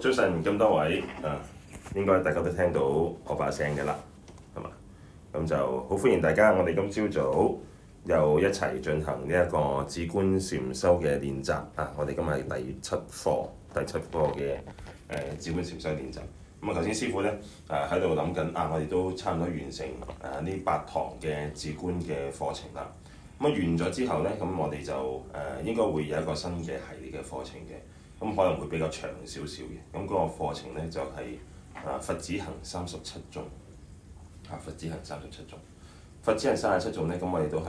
早晨，咁多位啊，應該大家都聽到我把聲嘅啦，係嘛？咁就好歡迎大家，我哋今朝早又一齊進行呢一個止觀禪修嘅練習啊！我哋今日第七課、第七課嘅誒止觀禪修練習。咁啊，頭先師傅咧誒喺度諗緊啊，我哋都差唔多完成誒呢、啊、八堂嘅止觀嘅課程啦。咁啊完咗之後咧，咁我哋就誒、呃、應該會有一個新嘅系列嘅課程嘅。咁可能會比較長少少嘅，咁嗰個課程咧就係啊佛子行三十七頌，啊佛子行三十七頌，佛子行三十七頌咧，咁、啊、我哋都係誒、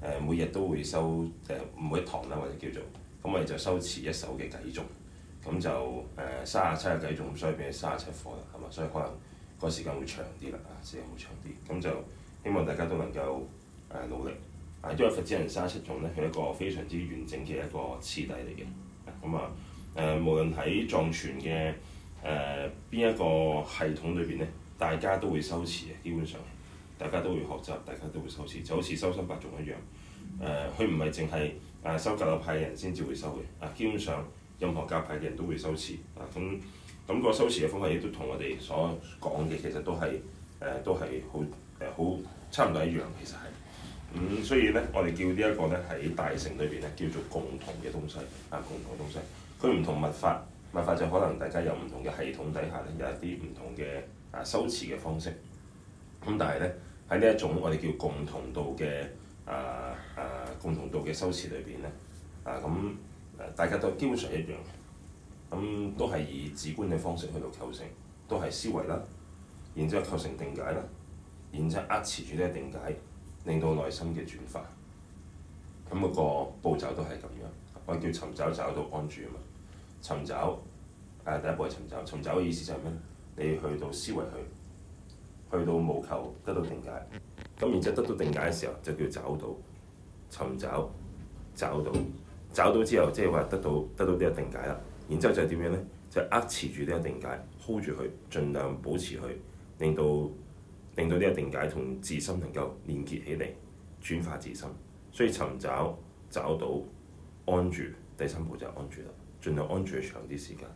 呃、每日都會收誒、呃、每一堂啦，或者叫做咁我哋就收持一首嘅偈頌，咁就誒三十七嘅偈頌，所以變咗三十七課啦，係嘛，所以可能個時間會長啲啦，啊時間會長啲，咁就希望大家都能夠誒、呃、努力、啊，因為佛子行三十七頌咧係一個非常之完整嘅一個次第嚟嘅，咁啊。啊誒，無論喺藏傳嘅誒邊一個系統裏邊咧，大家都會修持嘅。基本上，大家都會學習，大家都會修持，就好似修心八頌一樣。誒、呃，佢唔係淨係誒修格魯派嘅人先至會收嘅。啊，基本上任何教派嘅人都會修持。啊，咁咁、那個修持嘅方法亦都同我哋所講嘅，其實都係誒、呃、都係好誒好差唔多一樣。其實係咁、嗯，所以咧，我哋叫呢一個咧喺大乘裏邊咧叫做共同嘅東西。啊，共同嘅東西。佢唔同密法，密法就可能大家有唔同嘅系統底下咧，有一啲唔同嘅啊修持嘅方式。咁但係咧喺呢一種我哋叫共同道嘅啊啊共同道嘅修持裏邊咧，啊咁啊大家都基本上一樣。咁、啊、都係以止觀嘅方式去到構成，都係思維啦，然之後構成定解啦，然之後扼持住呢個定解，令到內心嘅轉化。咁、啊、嗰、那個步驟都係咁樣，我哋叫尋找找到安住啊嘛。尋找，誒、啊、第一步係尋找。尋找嘅意思就係、是、咩？你去到思維去，去到無求，得到定解。咁然之後得到定解嘅時候，就叫找到。尋找，找到，找到之後，即係話得到得到呢個定解啦。然之後就點樣咧？就握持住呢個定解，hold 住佢，盡量保持佢，令到令到呢個定解同自心能夠連結起嚟，轉化自心。所以尋找找到安住，第三步就係安住啦。盡量安住長啲時間，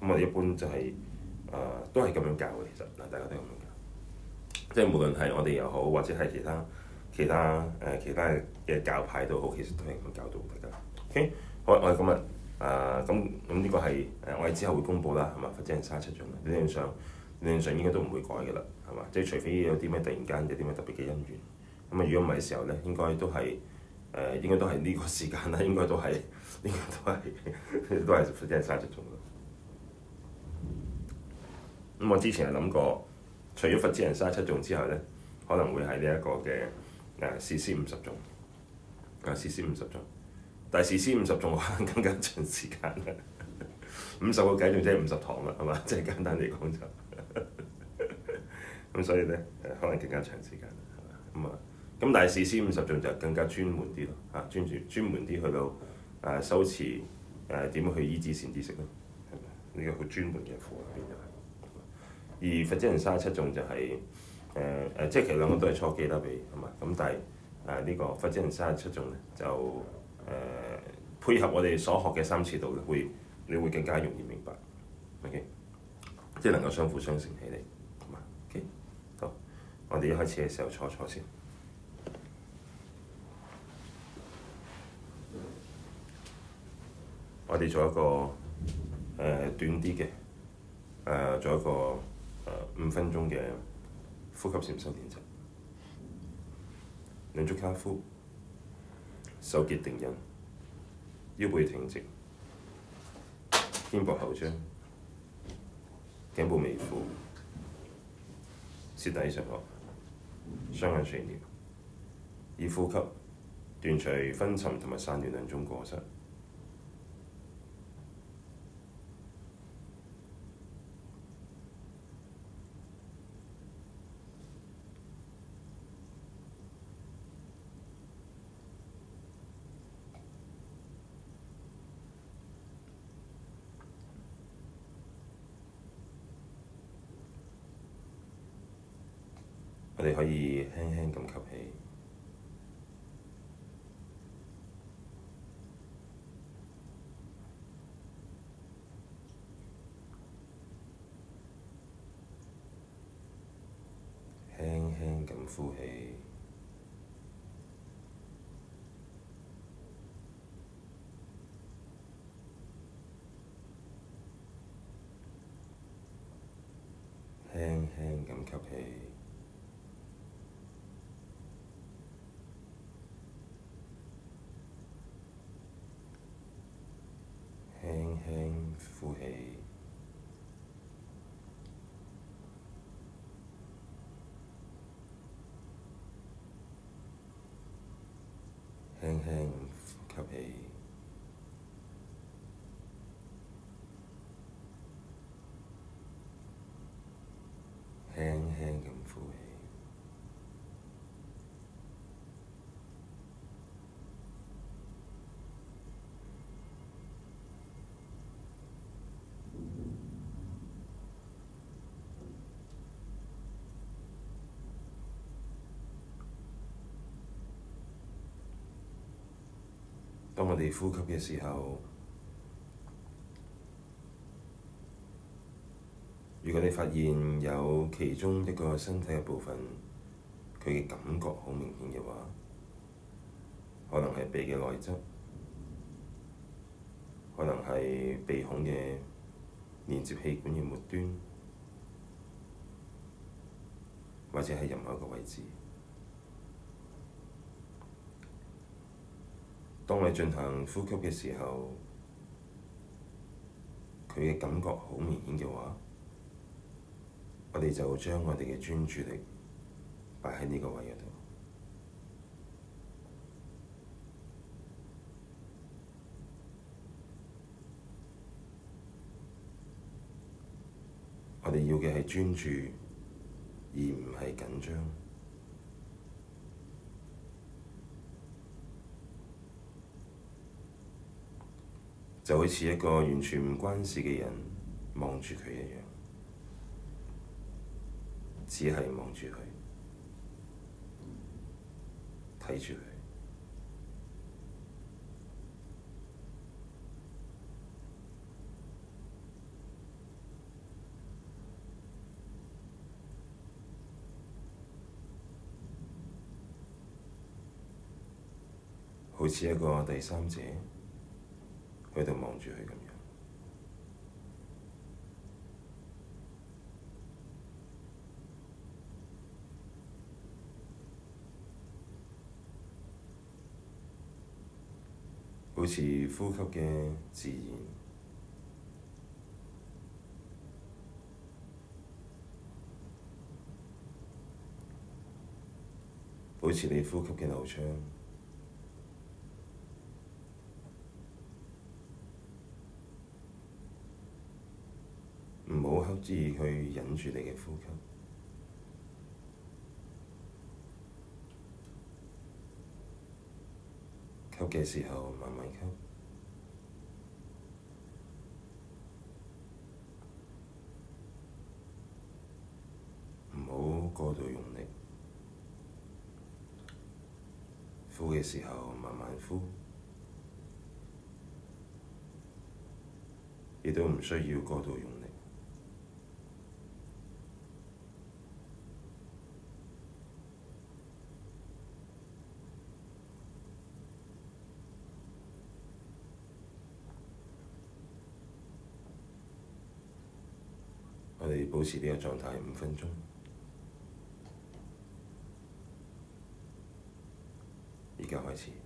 咁我哋一般就係、是、誒、呃、都係咁樣教嘅，其實嗱大家都係咁樣教，即係無論係我哋又好，或者係其他其他誒、呃、其他嘅教派都好，其實都係咁教到大家。O、okay? K，好，我哋今日誒咁咁呢個係誒我哋之後會公佈啦，係嘛？或者係三七準，理論上理論上應該都唔會改㗎啦，係嘛？即係除非有啲咩突然間有啲咩特別嘅恩怨，咁、嗯、啊如果唔係嘅時候咧，應該都係誒應該都係呢個時間啦，應該都係。呢個都係，都係佛子行三十七頌。咁我之前係諗過，除咗佛子行三十七頌之外咧，可能會係呢一個嘅誒事師五十頌，啊事師五十頌，但係事師五十頌可能更加長時間啦。五十個偈頌即係五十堂啦，係嘛？即係簡單嚟講就咁，呵呵所以咧誒可能更加長時間，咁啊？咁但係事師五十頌就更加專門啲咯，嚇專專專門啲去到。誒、啊、修持誒點樣去依止善知識咯，係呢、這個佢專門嘅課入邊就嘅、是。而佛子行三十七頌就係誒誒，即係其實兩個都係初基得譬如嘛，咁但係誒、啊這個、呢個佛子行三十七頌咧就誒、呃、配合我哋所學嘅三士道，嘅會，你會更加容易明白，OK？即係能夠相輔相成起嚟，係嘛？OK？好，我哋開始嘅時候坐一坐先。我哋做一個誒、呃、短啲嘅誒，做一個誒、呃、五分鐘嘅呼吸練習，兩足跏趺，手結定印，腰背挺直，肩膊後張，頸部微俯，舌抵上顎，雙眼垂簾，以呼吸斷除昏沉同埋散亂兩種過失。你可以輕輕咁吸氣，輕輕咁呼氣，輕輕咁吸氣。輕呼吸。當我哋呼吸嘅時候，如果你發現有其中一個身體嘅部分，佢嘅感覺好明顯嘅話，可能係鼻嘅內側，可能係鼻孔嘅連接氣管嘅末端，或者係任何一個位置。當我哋進行呼吸嘅時候，佢嘅感覺好明顯嘅話，我哋就將我哋嘅專注力擺喺呢個位嗰度。我哋要嘅係專注，而唔係緊張。就好似一個完全唔關事嘅人望住佢一樣，只係望住佢睇住佢，好似一個第三者。喺度望住佢咁樣，保持呼吸嘅自然，保持你呼吸嘅流暢。注意去忍住你嘅呼吸，吸嘅時候慢慢吸，唔好過度用力。呼嘅時候慢慢呼，亦都唔需要過度用力。保持呢個狀態五分鐘，而家開始。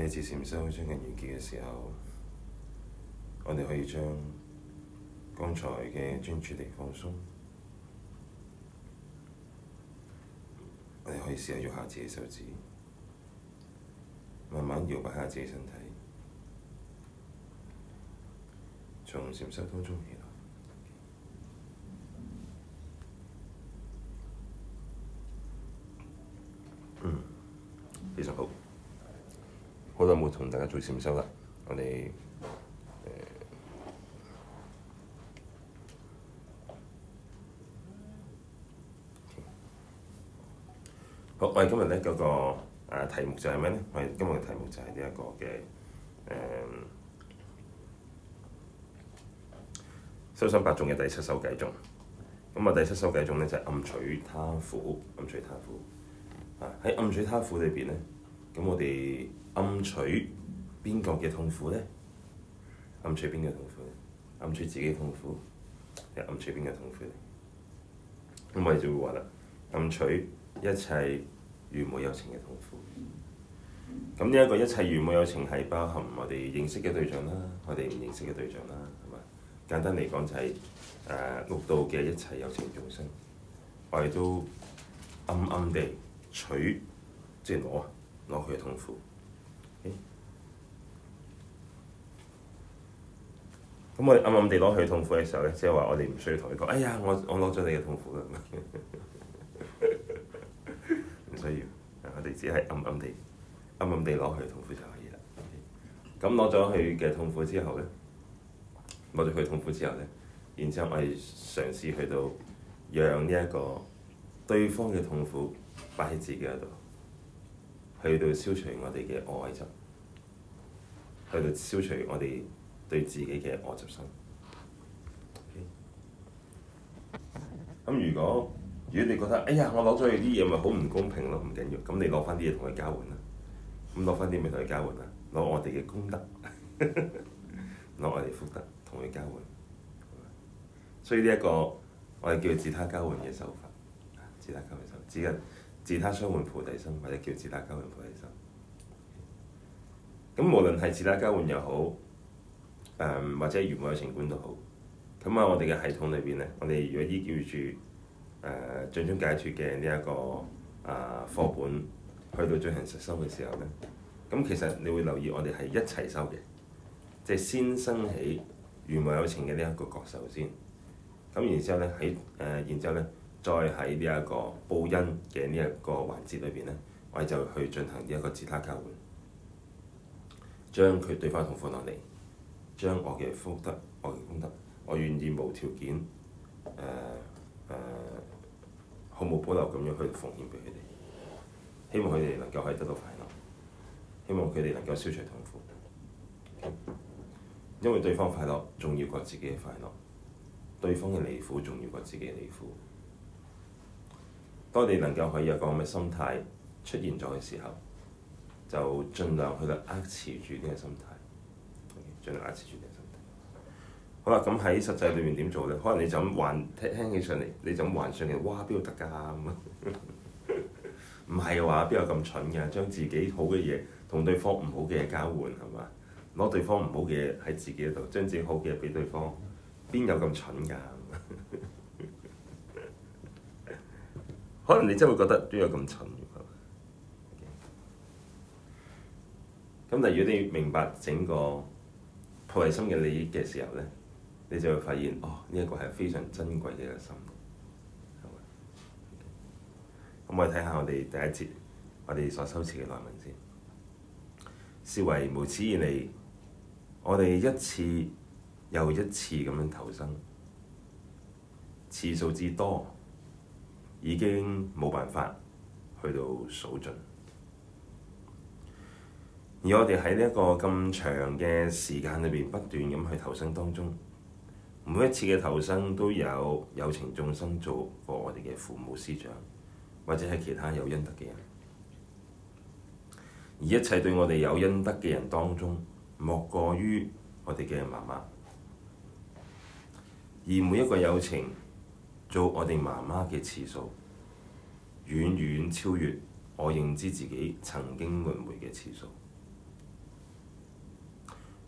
喺漸禪修將近完結嘅時候，我哋可以將剛才嘅專注力放鬆。我哋可以試下喐下自己手指，慢慢搖擺下自己身體，從禪修當中。而家做禪修啦，我哋好。我哋今日咧嗰個啊題目就係咩咧？我哋今日嘅題目就係呢一個嘅，誒修心八頌嘅第七首偈頌。咁啊，第七首偈頌咧就係暗取他苦，暗取他苦啊。喺暗取他苦裏邊咧，咁我哋暗取。邊個嘅痛苦呢？暗取邊個痛苦呢？暗取自己痛苦？又暗取邊個痛苦呢？咁我哋就會話啦，暗取一切如母有情嘅痛苦。咁呢一個一切如母有情係包含我哋認識嘅對象啦，我哋唔認識嘅對象啦，係嘛？簡單嚟講就係誒六道嘅一切有情眾生，我哋都暗暗地取，即係攞攞佢嘅痛苦。Okay? 咁我哋暗暗地攞佢痛苦嘅時候咧，即係話我哋唔需要同佢講，哎呀，我我攞咗你嘅痛苦啦，唔需要。啊，我哋只係暗暗地、暗暗地攞佢嘅痛苦就可以啦。咁攞咗佢嘅痛苦之後咧，攞咗佢痛苦之後咧，然之後我哋嘗試去到讓呢一個對方嘅痛苦擺喺自己嗰度，去到消除我哋嘅愛執，去到消除我哋。對自己嘅我執心。咁、okay? 如果如果你覺得，哎呀，我攞咗佢啲嘢咪好唔公平咯，唔緊要，咁你攞翻啲嘢同佢交換啦。咁攞翻啲嘢同佢交換啦，攞我哋嘅功德，攞 我哋福德同佢交換。所以呢、這、一個我哋叫自他交換嘅手法，自他交換手法，只係自他相換菩提心，或者叫自他交換菩提心。咁無論係自他交換又好。誒或者《如母有情》觀都好，咁啊，我哋嘅系統裏邊咧，我哋如果依倚住誒盡心解脫嘅呢一個啊課本去到進行實修嘅時候咧，咁其實你會留意我哋係一齊修嘅，即係先升起如母有情嘅呢一個覺受先，咁然之後咧喺誒，然之後咧再喺呢一個報恩嘅呢一個環節裏邊咧，我哋就去進行呢一個自他交換，將佢對方嘅痛苦攞落嚟。將我嘅福德、我嘅功德，我願意無條件誒誒、呃呃、毫無保留咁樣去奉獻俾佢哋，希望佢哋能夠可以得到快樂，希望佢哋能夠消除痛苦。因為對方快樂仲要過自己嘅快樂，對方嘅離苦，仲要過自己嘅離苦。當你能夠可以有個咁嘅心態出現咗嘅時候，就盡量去去扼持住呢個心態。盡量一次好啦，咁喺實際裏面點做咧？可能你就咁還聽起上嚟，你就咁還上嚟，哇！邊度得㗎？唔係嘅話邊有咁蠢㗎，將自己好嘅嘢同對方唔好嘅嘢交換係嘛？攞對方唔好嘅嘢喺自己度，將自己好嘅嘢俾對方，邊有咁蠢㗎？ 可能你真係會覺得邊有咁蠢？咁 但係如果你明白整個菩提心嘅利益嘅時候咧，你就會發現哦，呢一個係非常珍貴嘅一個心。好啊，咁我哋睇下我哋第一節，我哋所修持嘅內文先。思惟：無始以來，我哋一次又一次咁樣投生，次數之多已經冇辦法去到數盡。而我哋喺呢一個咁長嘅時間裏邊，不斷咁去投生當中，每一次嘅投生都有有情眾生做過我哋嘅父母師長，或者係其他有恩德嘅人。而一切對我哋有恩德嘅人當中，莫過於我哋嘅媽媽。而每一個有情做我哋媽媽嘅次數，遠遠超越我認知自己曾經輪迴嘅次數。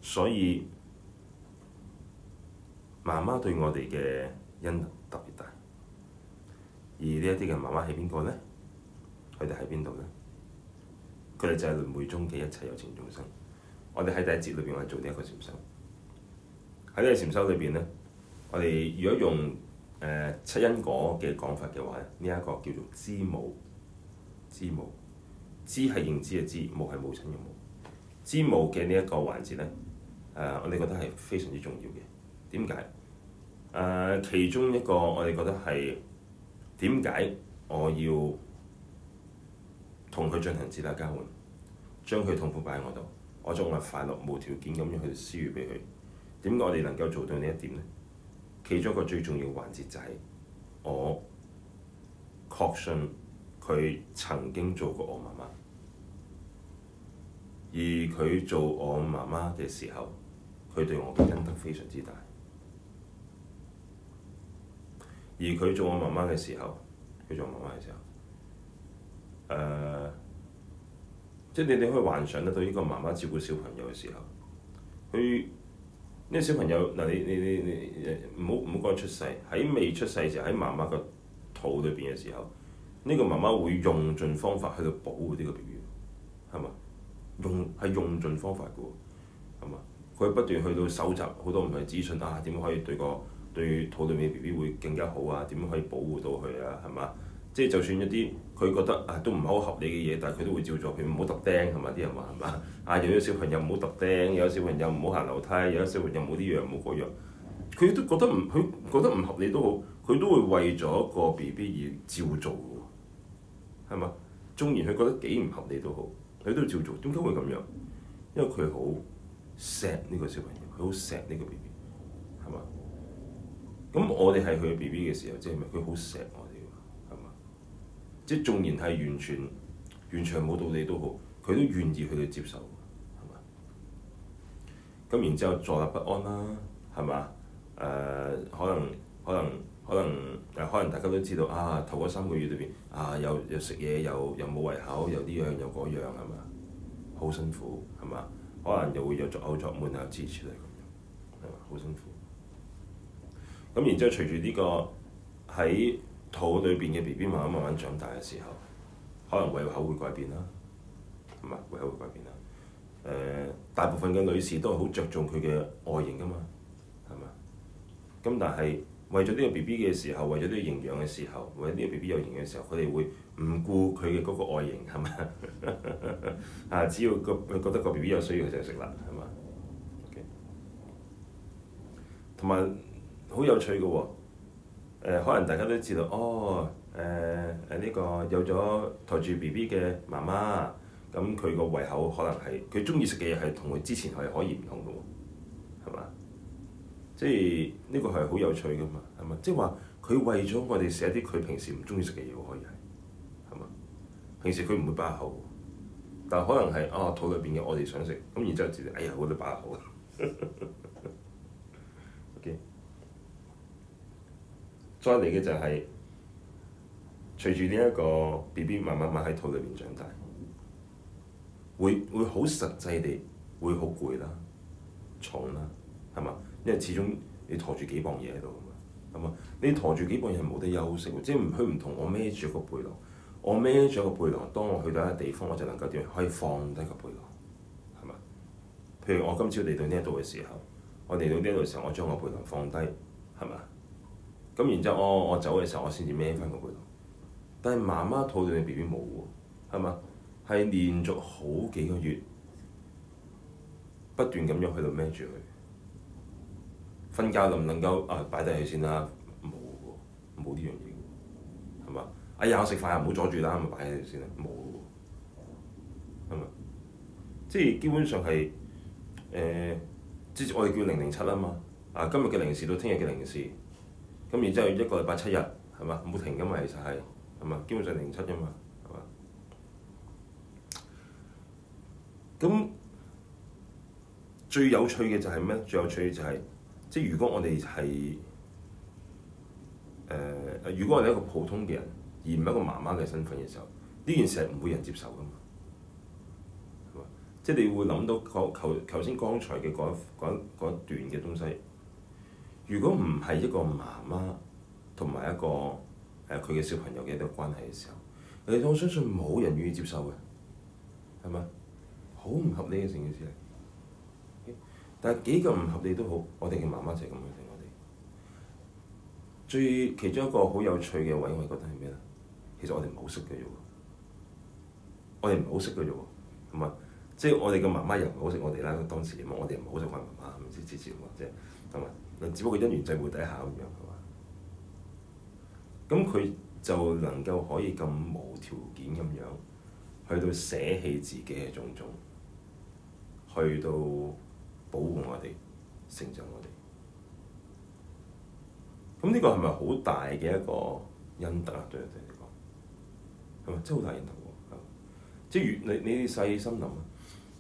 所以媽媽對我哋嘅恩特別大，而媽媽呢一啲嘅媽媽喺邊個咧？佢哋喺邊度咧？佢哋就係輪迴中嘅一切有情眾生。我哋喺第一節裏邊我哋做呢一個禪修，喺呢個禪修裏邊咧，我哋如果用誒七因果嘅講法嘅話，呢、這、一個叫做知母，知母知係認知嘅知，母係母親嘅母。知母嘅呢一個環節咧。誒，uh, 我哋覺得係非常之重要嘅。點解？誒、uh，其中一個我哋覺得係點解我要同佢進行自他交換，將佢痛苦擺喺我度，我將我嘅快樂無條件咁樣去施予俾佢。點解我哋能夠做到呢一點咧？其中一個最重要嘅環節就係、是、我確信佢曾經做過我媽媽，而佢做我媽媽嘅時候。佢對我嘅恩德非常之大，而佢做我媽媽嘅時候，佢做我媽媽嘅時候，誒、呃，即、就、係、是、你哋可以幻想得到呢個媽媽照顧小朋友嘅時候，佢呢、這個小朋友嗱，你你你你唔好，唔好講出世，喺未出世嘅時候喺媽媽個肚裏邊嘅時候，呢、這個媽媽會用盡方法去保護呢個 BB，係嘛？用係用盡方法嘅佢不斷去到搜集好多唔同嘅資訊啊，點樣可以對個對肚裡面 B B 會更加好啊？點樣可以保護到佢啊？係嘛？即係就算一啲佢覺得啊都唔係好合理嘅嘢，但係佢都會照做。佢唔好抌釘係嘛？啲人話係嘛？啊有啲小朋友唔好抌釘，有啲小朋友唔好行樓梯，有啲小朋友冇呢樣冇嗰樣。佢都覺得唔佢覺得唔合理都好，佢都會為咗個 B B 而照做嘅喎。係嘛？縱然佢覺得幾唔合理都好，佢都照做。點解會咁樣？因為佢好錫呢個小朋友，佢好錫呢個 BB，係嘛？咁我哋係佢 BB 嘅時候，即係咩？佢好錫我哋喎，係嘛？即係縱然係完全完全冇道理都好，佢都願意佢哋接受，係嘛？咁然之後坐立不安啦，係嘛？誒、呃，可能可能可能誒，可能大家都知道啊，頭嗰三個月裏邊啊，又又食嘢又又冇胃口，又呢樣又嗰樣，係嘛？好辛苦係嘛？可能又會有作嘔作悶啊，支持係咁樣，係嘛，好辛苦。咁然之後隨着、這個，隨住呢個喺肚裏邊嘅 B B 慢慢慢慢長大嘅時候，可能胃口會改變啦，係嘛，胃口會改變啦、呃。大部分嘅女士都係好著重佢嘅外形㗎嘛，係嘛。咁但係。為咗呢個 B B 嘅時候，為咗呢個寶寶營養嘅時候，為咗呢個 B B 有營養嘅時候，佢哋會唔顧佢嘅嗰個外形係咪啊？ 只要個佢覺得個 B B 有需要佢就食啦，係嘛？同埋好有趣嘅喎、哦，可能大家都知道哦，誒誒呢個有咗抬住 B B 嘅媽媽，咁佢個胃口可能係佢中意食嘅嘢係同佢之前係可以唔同嘅喎，係嘛？即係呢個係好有趣㗎嘛，係嘛？即係話佢為咗我哋寫啲佢平時唔鍾意食嘅嘢，可以係係嘛？平時佢唔會把握好，但可能係啊、哦，肚裏邊嘅我哋想食，咁然之後自己，哎呀，我都把握好。 ok，再嚟嘅就係隨住呢一個 B B 慢慢慢喺肚裏邊長大，會會好實際地會好攰啦，重啦，係嘛？因為始終你陀住幾磅嘢喺度，咁啊，你陀住幾磅嘢係冇得休息，即係佢唔同我孭住個背囊，我孭住個背囊。當我去到一個地方，我就能夠點樣？可以放低個背囊，係嘛？譬如我今朝嚟到呢一度嘅時候，我嚟到呢度嘅時候，我將個背囊放低，係嘛？咁然之後我我走嘅時候，我先至孭翻個背囊。但係媽媽肚住你 B B 冇喎，係嘛？係連續好幾個月不斷咁樣去到孭住佢。瞓覺能唔能夠啊？擺低佢先啦，冇喎，冇呢樣嘢喎，係嘛？哎呀，我食飯又唔好阻住啦，係咪擺低佢先啦，冇喎，係嘛？即係基本上係誒，之前我哋叫零零七啊嘛，啊今日嘅零時到聽日嘅零時，咁然之後一個禮拜七日係嘛，冇停噶嘛，其實係係嘛，基本上零七咋嘛係嘛？咁、啊、最有趣嘅就係咩？最有趣嘅就係、是、～即係如果我哋係誒，如果我係一個普通嘅人，而唔係一個媽媽嘅身份嘅時候，呢件事係唔會有人接受噶嘛，係嘛？即係你會諗到嗰頭先剛才嘅嗰嗰嗰一段嘅東西，如果唔係一個媽媽同埋一個誒佢嘅小朋友嘅一個關係嘅時候，誒我相信冇人願意接受嘅，係嘛？好唔合理嘅成件事但係幾個唔合理都好，我哋嘅媽媽就係咁樣定我哋。最其中一個好有趣嘅位，我哋覺得係咩咧？其實我哋唔係好識嘅啫，我哋唔係好識嘅啫喎，係嘛？即係我哋嘅媽媽又唔係好識我哋啦，當時我哋唔係好識我哋媽媽咁之類嘅啫，係嘛？只不過因緣際會底下咁樣，係嘛。咁佢就能夠可以咁無條件咁樣，去到捨棄自己嘅種種，去到。保護我哋，成長我哋，咁呢個係咪好大嘅一個恩德啊？對我哋嚟講，係咪真係好大恩德喎？即係如你，你細心諗啊，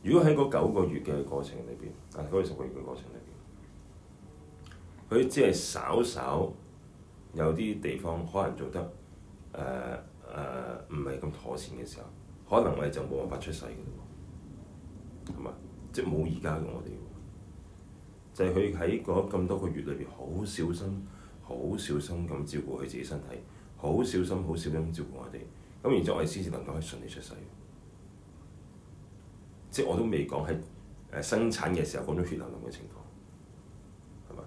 如果喺個九個月嘅過程裏邊，啊，嗰個十個月嘅過程裏邊，佢只係稍稍有啲地方可能做得誒誒唔係咁妥善嘅時候，可能我哋就冇辦法出世嘅喎，係咪？即係冇而家嘅我哋。就係佢喺嗰咁多個月裏邊，好小心、好小心咁照顧佢自己身體，好小心、好小心咁照顧我哋，咁然之後我哋先至能夠可以順利出世。即係我都未講喺誒生產嘅時候嗰種血淋淋嘅情況，係嘛？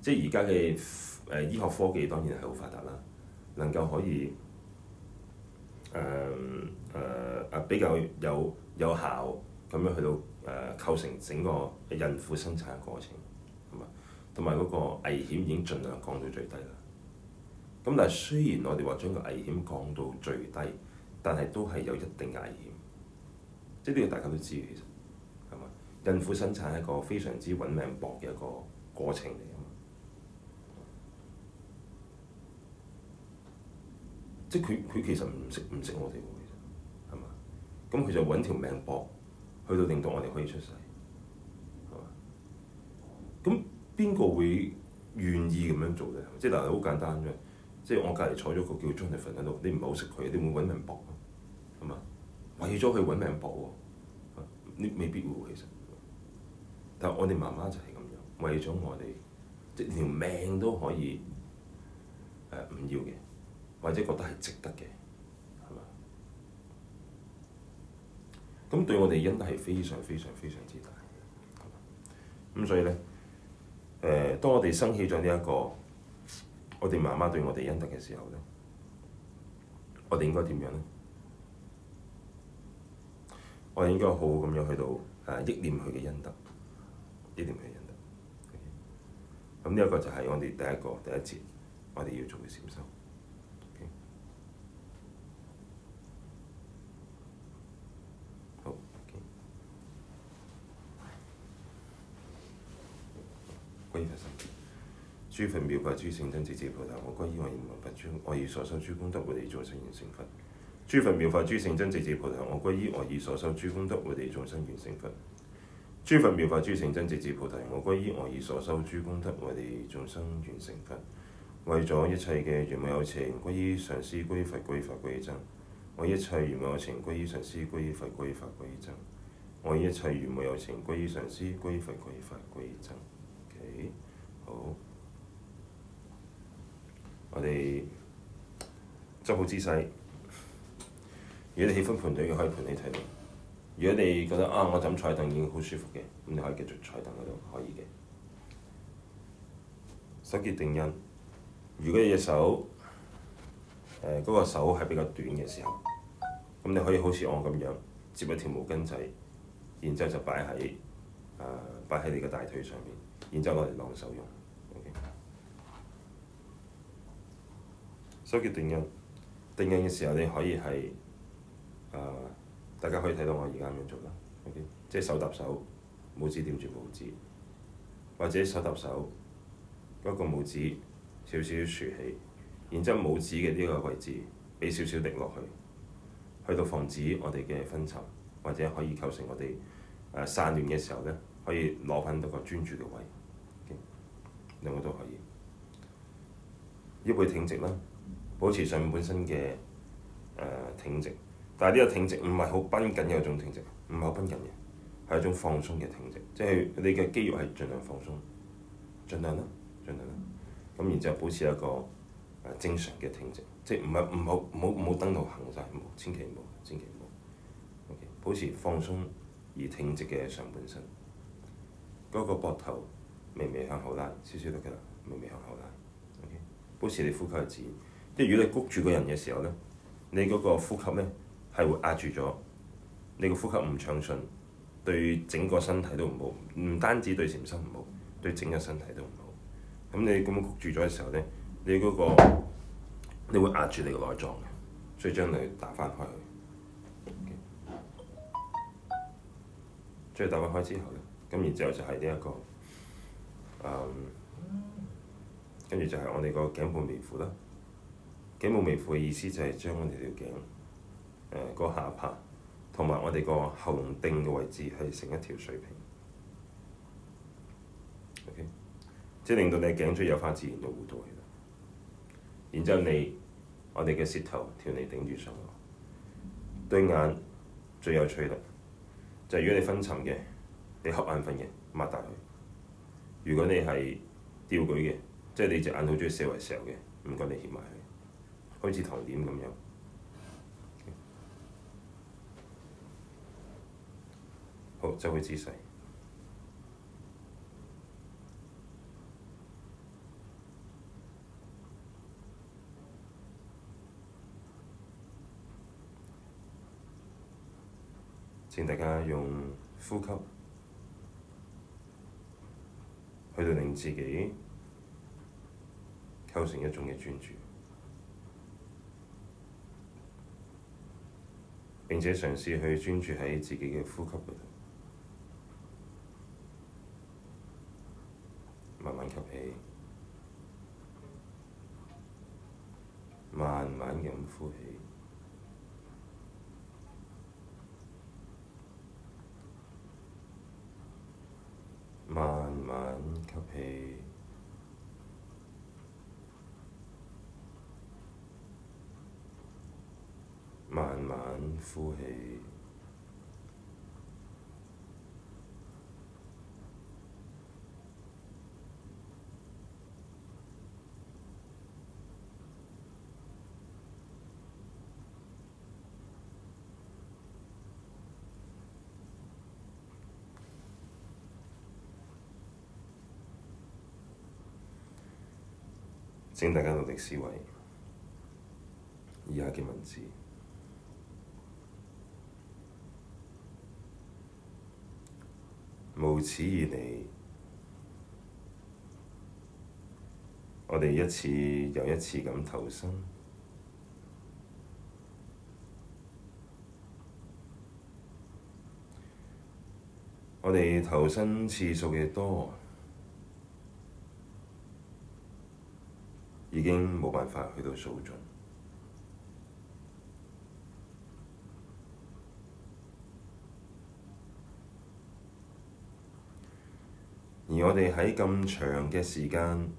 即係而家嘅誒醫學科技當然係好發達啦，能夠可以誒誒啊比較有有效咁樣去到。誒構成整個孕婦生產嘅過程，同埋同埋嗰個危險已經盡量降到最低啦。咁但係雖然我哋話將個危險降到最低，但係都係有一定危險，即係呢個大家都知嘅，其實係嘛？孕婦生產係一個非常之搵命搏嘅一個過程嚟㗎嘛！即係佢佢其實唔識唔識我哋喎，其實係嘛？咁佢就搵條命搏。去到令到我哋可以出世，係嘛？咁邊個會願意咁樣做咧？即係嗱，好簡單啫。即係我隔離坐咗個叫 Jonathan 喺度，你唔係好識佢，你會揾命搏咯，係嘛？為咗佢揾命搏喎，你未必會其實。但係我哋媽媽就係咁樣，為咗我哋，即係條命都可以誒唔要嘅，或者覺得係值得嘅。咁對我哋恩德係非常非常非常之大，咁所以咧，誒當我哋生起咗呢一個我哋媽媽對我哋恩德嘅時候咧，我哋應該點樣咧？我哋應該好好咁樣去到誒憶念佢嘅恩德，憶念佢嘅恩德。咁呢一個就係我哋第一個第一節我哋要做嘅小情。諸佛妙法，諸聖僧，直至菩提，我皈依，我以無佛，諸外義所修諸功德，為利眾生願成佛。諸佛妙法，諸聖僧，直至菩提，我皈依，我以所修諸功德，為利眾生願成佛。諸佛妙法，諸聖僧，直至菩提，我皈依，我以所修諸功德，為利眾生願成佛。為咗一切嘅如母有情，皈依上師，皈依佛，皈依法，皈依僧。我一切如母有情，皈依上師，皈依佛，皈依法，皈依僧。我一切如母有情，皈依上師，皈依佛，皈依法，皈依僧。OK，好。我哋執好姿勢，如果你喜歡盤腿，可以盤起腿。如果你覺得啊，我就咁坐喺凳已經好舒服嘅，咁你可以繼續坐喺凳嗰度可以嘅。手結定印，如果你隻手誒嗰、呃嗰個手係比較短嘅時候，咁你可以好似我咁樣接一條毛巾仔，然之後就擺喺誒、呃、擺喺你嘅大腿上面，然之後攞嚟晾手用。收結、so, 定印，定印嘅時候你可以係、呃、大家可以睇到我而家咁樣做啦。O.K.，即係手搭手，拇指點住拇指，或者手搭手，一、嗰個拇指少少豎起，然之後拇指嘅呢個位置俾少少滴落去，去到防止我哋嘅分神，或者可以構成我哋、呃、散亂嘅時候呢，可以攞返到個專注嘅位。O.K.，兩個都可以，腰背挺直啦。保持上半身嘅、呃、挺直，但係呢個挺直唔係好繃緊嘅一種挺直，唔係好繃緊嘅係一種放鬆嘅挺直，即係你嘅肌肉係盡量放鬆，盡量啦，盡量啦，咁然之後保持一個正常嘅挺直，即係唔係唔好等到行曬，千祈唔好，千祈唔好。O.K.，保持放鬆而挺直嘅上半身，嗰、那個膊頭微微向後拉少少得嘅，微微向後拉。O.K.，保持你呼吸係自然。即係如果你谷住個人嘅時候咧，你嗰個呼吸咧係會壓住咗，你個呼吸唔暢順，對整個身體都唔好，唔單止對潛身唔好，對整個身體都唔好。咁你咁樣谷住咗嘅時候咧，你嗰、那個你會壓住你個內臟嘅，所以將佢打翻開佢。將、okay? 佢打返開之後咧，咁然之後就係呢一個誒，跟、嗯、住就係我哋個頸部微俯啦。頸部微俯嘅意思就係將我條條頸誒、呃、下巴同埋我哋個喉嚨定嘅位置係成一條水平，OK，即係令到你嘅頸椎有返自然嘅弧度。然之後你我哋嘅舌頭條脷頂住上顎，對眼最有趣啦，就係、是、如果你分層嘅，你瞌眼瞓嘅抹大佢；如果你係吊舉嘅，即係你隻眼好中意四圍錘嘅，唔該你掀埋。好似抬點咁樣，okay? 好，做好姿勢。請大家用呼吸，去到令自己構成一種嘅專注。並且嘗試去專注喺自己嘅呼吸嗰度，慢慢吸氣，慢慢咁呼氣，慢慢吸氣。慢慢吸慢慢呼氣。請大家努力思維以下嘅文字。由此而嚟，我哋一次又一次咁投生，我哋投生次數嘅多，已經冇辦法去到數盡。而我哋喺咁長嘅時間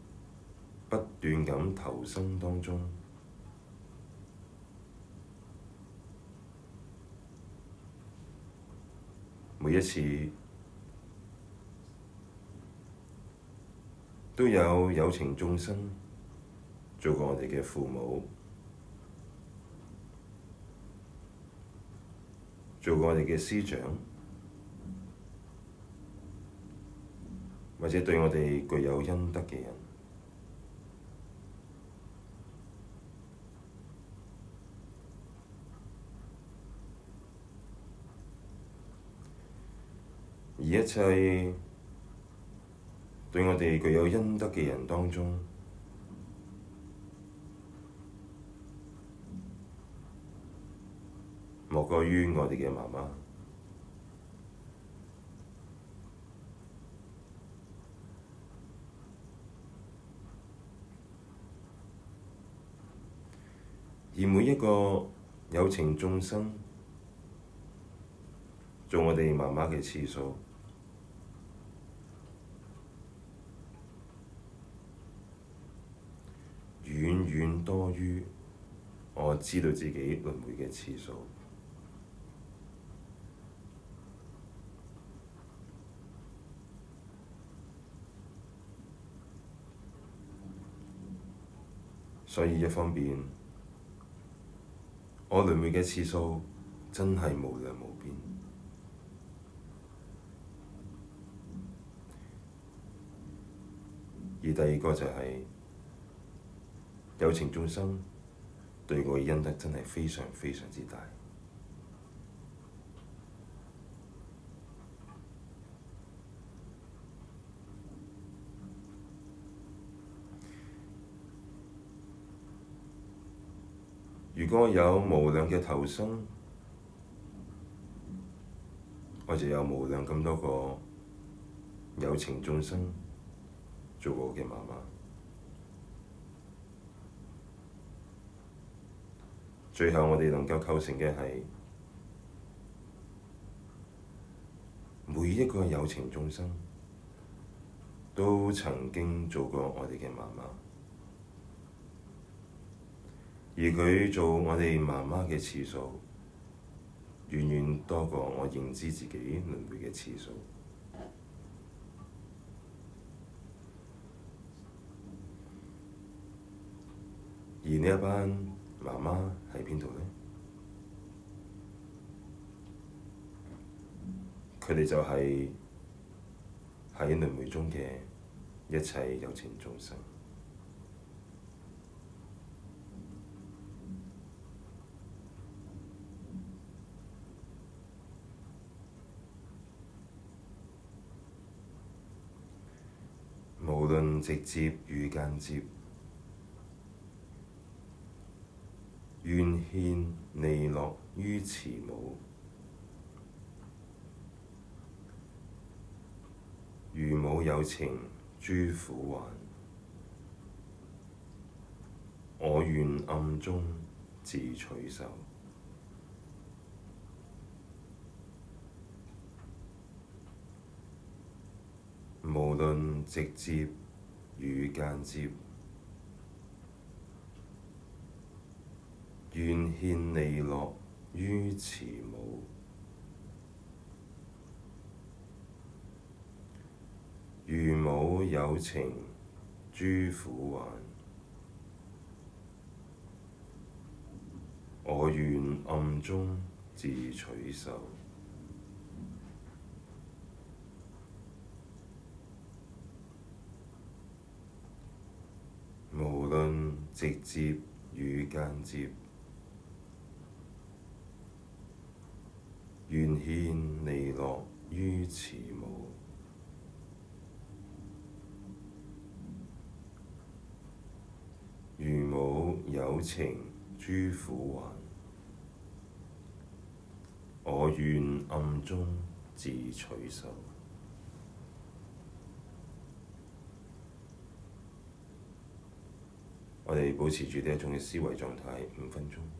不斷咁投生當中，每一次都有有情眾生做過我哋嘅父母，做過我哋嘅師長。或者對我哋具有恩德嘅人，而一切對我哋具有恩德嘅人當中，莫過於我哋嘅媽媽。而每一個有情眾生做我哋媽媽嘅次數，遠遠多於我知道自己輪迴嘅次數，所以一方面，我輪迴嘅次數真係無量無邊，而第二個就係、是、有情眾生對我嘅恩德真係非常非常之大。如果有無量嘅投生，我就有無量咁多個有情眾生做我嘅媽媽。最後，我哋能夠構成嘅係每一個有情眾生都曾經做過我哋嘅媽媽。而佢做我哋媽媽嘅次數，遠遠多過我認知自己輪迴嘅次數。而呢一班媽媽喺邊度呢？佢哋就係喺輪迴中嘅一切有情眾生。直接與間接，願獻利樂於慈母，如母有情諸苦患，我願暗中自取受。無論直接與間接，願獻利樂於慈母，如母有情諸苦患，我願暗中自取受。直接與間接，願獻利樂於慈母，如母有情諸苦患，我願暗中自取受。我哋保持住呢一種嘅思維狀態，五分鐘。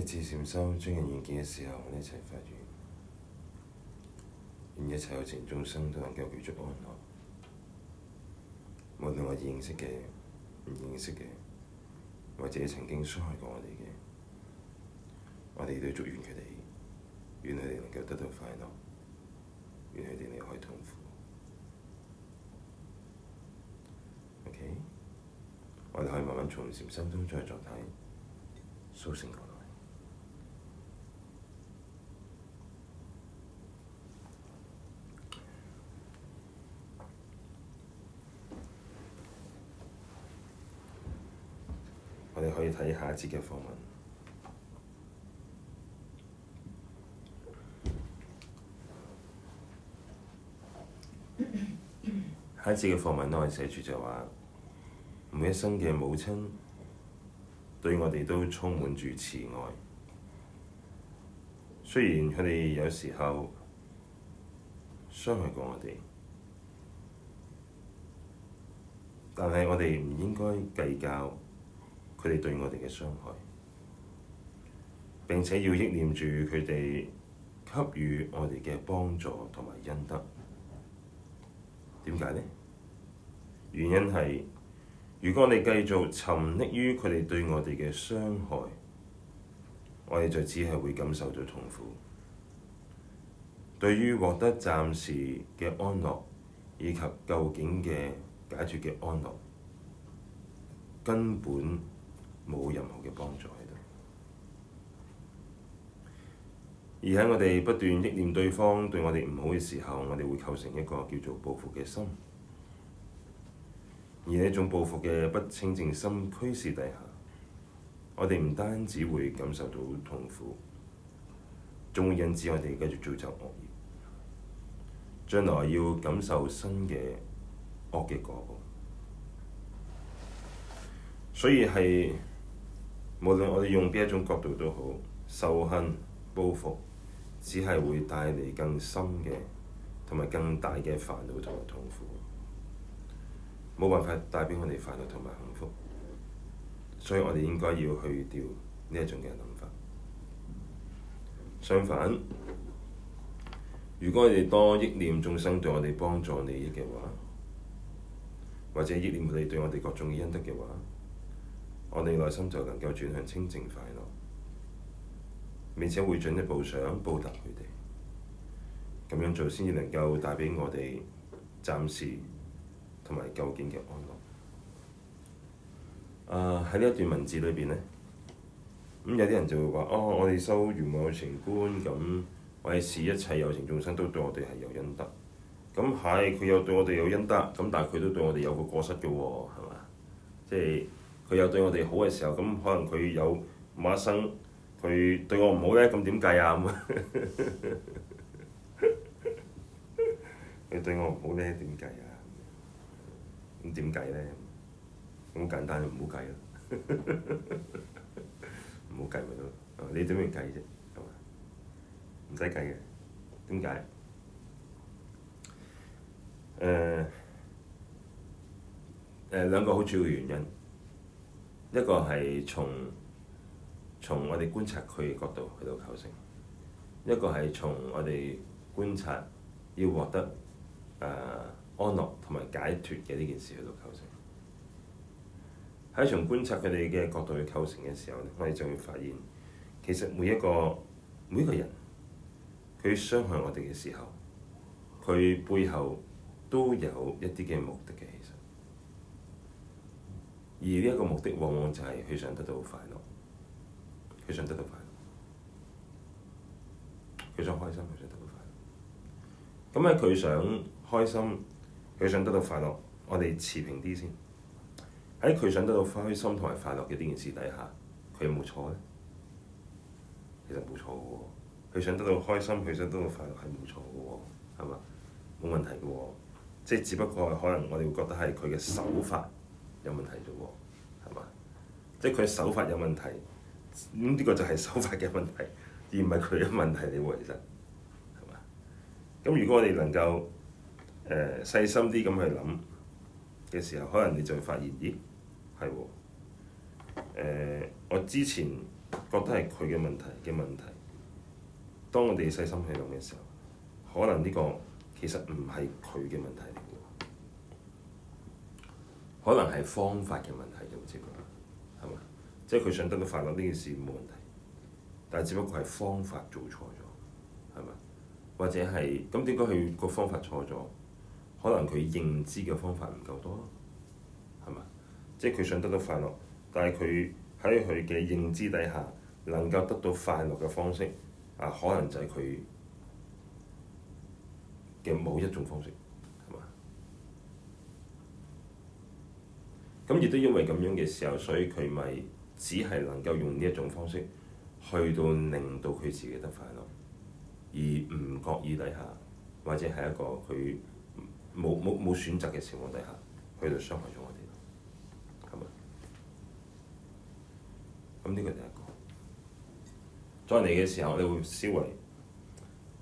一切善修、尊敬、軟件嘅時候，我哋一齊發願，願一切有情眾生都能夠具足安樂。無論我認識嘅、唔認識嘅，或者曾經傷害過我哋嘅，我哋都祝願佢哋，願佢哋能夠得到快樂，願佢哋離開痛苦。O.K. 我哋可以慢慢從善修中出嚟狀態，蘇醒。睇下一節嘅課文，下一節嘅課文都係寫住就話，每一生嘅母親對我哋都充滿住慈愛。雖然佢哋有時候傷害過我哋，但係我哋唔應該計較。佢哋對我哋嘅傷害，並且要憶念住佢哋給予我哋嘅幫助同埋恩德。點解呢？原因係，如果我哋繼續沉溺於佢哋對我哋嘅傷害，我哋就只係會感受到痛苦。對於獲得暫時嘅安樂，以及究竟嘅解脫嘅安樂，根本，冇任何嘅幫助喺度，而喺我哋不斷憶念對方對我哋唔好嘅時候，我哋會構成一個叫做報復嘅心，而呢一種報復嘅不清淨心驅使底下，我哋唔單止會感受到痛苦，仲會引致我哋繼續追積惡業，將來要感受新嘅惡嘅果報，所以係。無論我哋用邊一種角度都好，仇恨、報復，只係會帶嚟更深嘅同埋更大嘅煩惱同埋痛苦，冇辦法帶俾我哋快樂同埋幸福，所以我哋應該要去掉呢一種嘅諗法。相反，如果我哋多憶念眾生對我哋幫助、利益嘅話，或者憶念佢哋對我哋各種嘅恩德嘅話，我哋內心就能夠轉向清淨快樂，並且會進一步想報答佢哋，咁樣做先至能夠帶畀我哋暫時同埋究竟嘅安樂。啊，喺呢一段文字裏邊呢，咁有啲人就會話：哦，我哋修如母有情觀，咁我哋視一切有情眾生都對我哋係有恩德。咁係，佢又對我哋有恩德，咁但係佢都對我哋有個過失嘅喎，係嘛？即係。佢有對我哋好嘅時候，咁可能佢有某一生佢對我唔好咧，咁點計啊？咁 佢對我唔好咧，點計啊？咁點計咧？咁簡單就唔 好計啦，唔好計咪得咯。你點樣計啫？唔使計嘅，點解？誒、呃、誒、呃、兩個好主要原因。一個係從從我哋觀察佢嘅角度去到構成，一個係從我哋觀察要獲得誒、呃、安樂同埋解脱嘅呢件事去到構成。喺從觀察佢哋嘅角度去構成嘅時候咧，我哋就會發現，其實每一個每一個人佢傷害我哋嘅時候，佢背後都有一啲嘅目的。而呢一個目的往往就係佢想得到快樂，佢想得到快樂，佢想開心，佢想得到快樂。咁咧，佢想開心，佢想得到快樂，我哋持平啲先。喺佢想得到開心同埋快樂嘅呢件事底下，佢有冇錯咧？其實冇錯嘅喎，佢想得到開心，佢想得到快樂係冇錯嘅喎，係嘛？冇問題嘅喎，即係只不過可能我哋會覺得係佢嘅手法。有問題啫喎，係嘛？即係佢手法有問題，咁呢個就係手法嘅問題，而唔係佢嘅問題你喎。其實係嘛？咁如果我哋能夠誒、呃、細心啲咁去諗嘅時候，可能你就會發現，咦係喎、呃？我之前覺得係佢嘅問題嘅問題，當我哋細心去諗嘅時候，可能呢個其實唔係佢嘅問題。可能係方法嘅問題啫，唔知佢，係嘛？即係佢想，想得到快樂呢件事冇問題，但係只不過係方法做錯咗，係咪？或者係咁點解佢個方法錯咗？可能佢認知嘅方法唔夠多，係咪？即係佢想得到快樂，但係佢喺佢嘅認知底下能夠得到快樂嘅方式，啊，可能就係佢嘅某一種方式。咁亦都因為咁樣嘅時候，所以佢咪只係能夠用呢一種方式去到令到佢自己得快樂，而唔覺意底下或者係一個佢冇冇冇選擇嘅情況底下，佢就傷害咗我哋。咁呢個第一個再嚟嘅時候，你會思維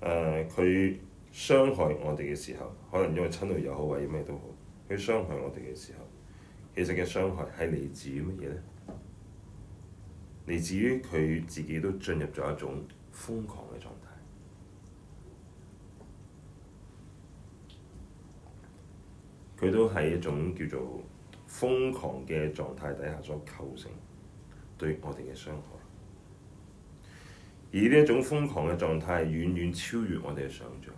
誒佢傷害我哋嘅時候，可能因為親友又好，或者咩都好，佢傷害我哋嘅時候。其實嘅傷害係嚟自於乜嘢呢？嚟自於佢自己都進入咗一種瘋狂嘅狀態，佢都係一種叫做瘋狂嘅狀態底下所構成對我哋嘅傷害，而呢一種瘋狂嘅狀態係遠遠超越我哋嘅想像，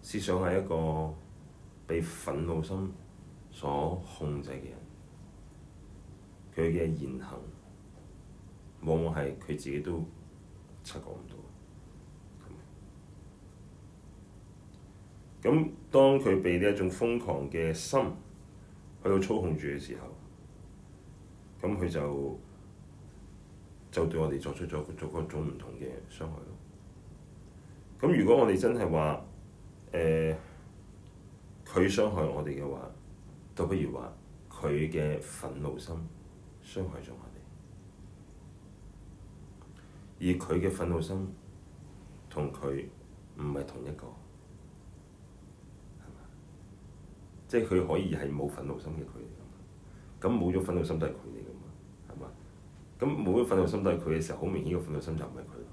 思想係一個被憤怒心。所控制嘅人，佢嘅言行，往往係佢自己都察覺唔到。咁當佢被呢一種瘋狂嘅心喺度操控住嘅時候，咁佢就就對我哋作出咗各種唔同嘅傷害咯。咁如果我哋真係，呃，話，誒，佢傷害我哋嘅話。倒不如話佢嘅憤怒心傷害咗我哋，而佢嘅憤怒心同佢唔係同一個，係嘛？即係佢可以係冇憤怒心嘅佢。咁冇咗憤怒心都係佢嚟噶嘛？係嘛？咁冇咗憤怒心都係佢嘅時候，好明顯個憤怒心就唔係佢。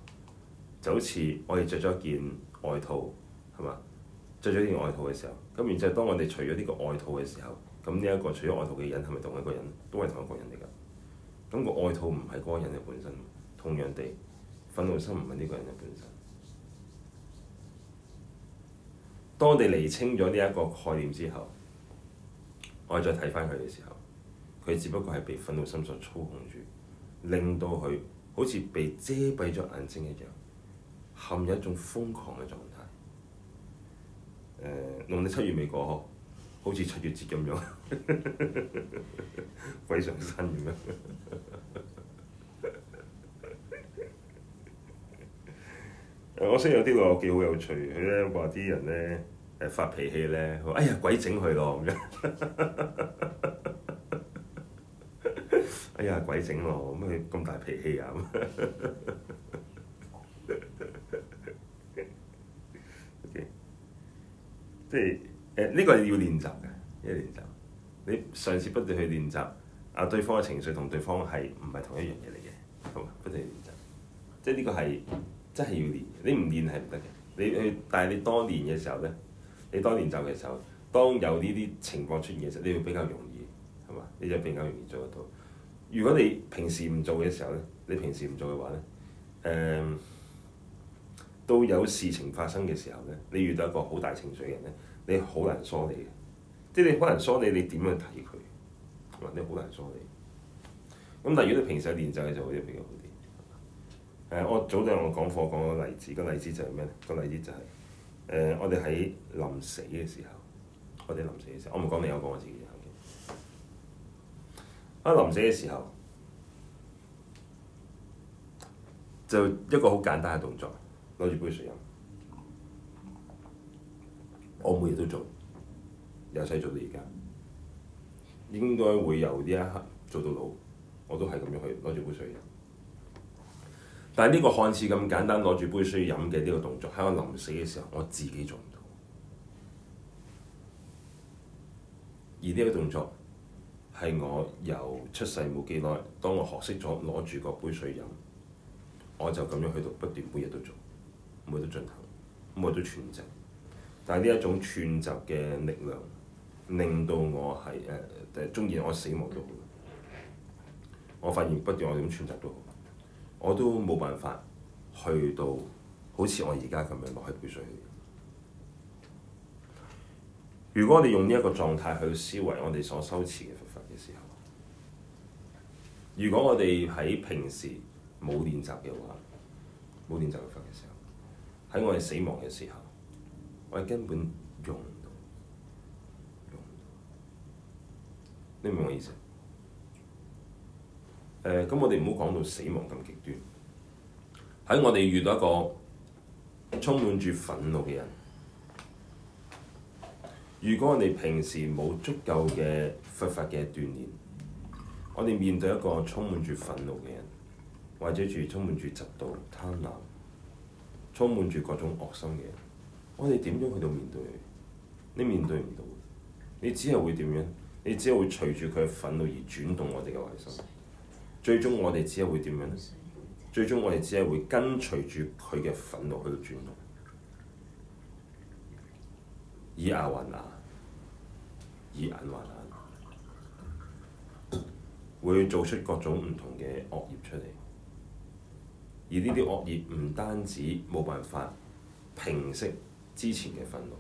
就好似我哋着咗一件外套，係嘛？著咗件外套嘅時候，咁然之後當我哋除咗呢個外套嘅時候。咁呢一個除咗外套嘅人係咪同一個人？都係同一個人嚟㗎。咁個外套唔係嗰個人嘅本身，同樣地，憤怒心唔係呢個人嘅本身。當我哋釐清咗呢一個概念之後，我再睇翻佢嘅時候，佢只不過係被憤怒心所操控住，令到佢好似被遮蔽咗眼睛一樣，陷入一種瘋狂嘅狀態。誒、呃，我哋七月未過呵。好似七月節咁樣，鬼上身咁樣。我識有啲老友記好有趣，佢咧，話啲人咧，誒發脾氣咧，話哎呀鬼整佢咯咁樣，哎呀鬼整我，咁佢咁大脾氣啊，咁。OK，即係。誒呢個係要練習嘅，要練習。你上次不斷去練習，啊對方嘅情緒同對方係唔係同一樣嘢嚟嘅？好，不斷去練習。即係呢個係真係要練，你唔練係唔得嘅。你去，但係你當練嘅時候咧，你當練習嘅時候，當有呢啲情況出現嘅時候，你會比較容易，係嘛？你就比較容易做得到。如果你平時唔做嘅時候咧，你平時唔做嘅話咧，誒、嗯、都有事情發生嘅時候咧，你遇到一個好大情緒嘅人咧。你好難梳理嘅，即係你好能梳理，你點樣睇佢，你好難梳理。咁但係如果你平時練習嘅時候，就會比較好啲。誒，我早上我講課講個例子，個例子就係咩咧？個例子就係、是、誒、呃，我哋喺臨死嘅時候，我哋臨死嘅時候，我唔講你，我講我自己嘅經驗。臨死嘅時候，就一個好簡單嘅動作，攞住杯水飲。我每日都做，由細做到而家，應該會由呢一刻做到老。我都係咁樣去攞住杯水飲。但係呢個看似咁簡單攞住杯水飲嘅呢個動作，喺我臨死嘅時候，我自己做唔到。而呢個動作係我由出世冇幾耐，當我學識咗攞住個杯水飲，我就咁樣去到不斷每日都做，每日都進行，每日都全程。但係呢一種串集嘅力量，令到我係誒誒中意我死亡都好。我發現不斷，我點串集都好，我都冇辦法去到好似我而家咁樣落去杯水。如果我哋用呢一個狀態去思維我哋所修持嘅佛法嘅時候，如果我哋喺平時冇練習嘅話，冇練習佛法嘅時候，喺我哋死亡嘅時候。我根本用唔到，用唔到。你明唔明我意思？誒，咁我哋唔好講到死亡咁極端。喺我哋遇到一個充滿住憤怒嘅人，如果我哋平時冇足夠嘅佛法嘅鍛鍊，我哋面對一個充滿住憤怒嘅人，或者住充滿住嫉妒、貪婪、充滿住各種惡心嘅人。我哋點樣去到面對？你面對唔到，你只係會點樣？你只係會隨住佢嘅憤怒而轉動我哋嘅內心。最終我哋只係會點樣咧？最終我哋只係會跟隨住佢嘅憤怒去到轉動，以牙還牙，以眼還眼，會做出各種唔同嘅惡業出嚟。而呢啲惡業唔單止冇辦法平息，之前嘅煩惱，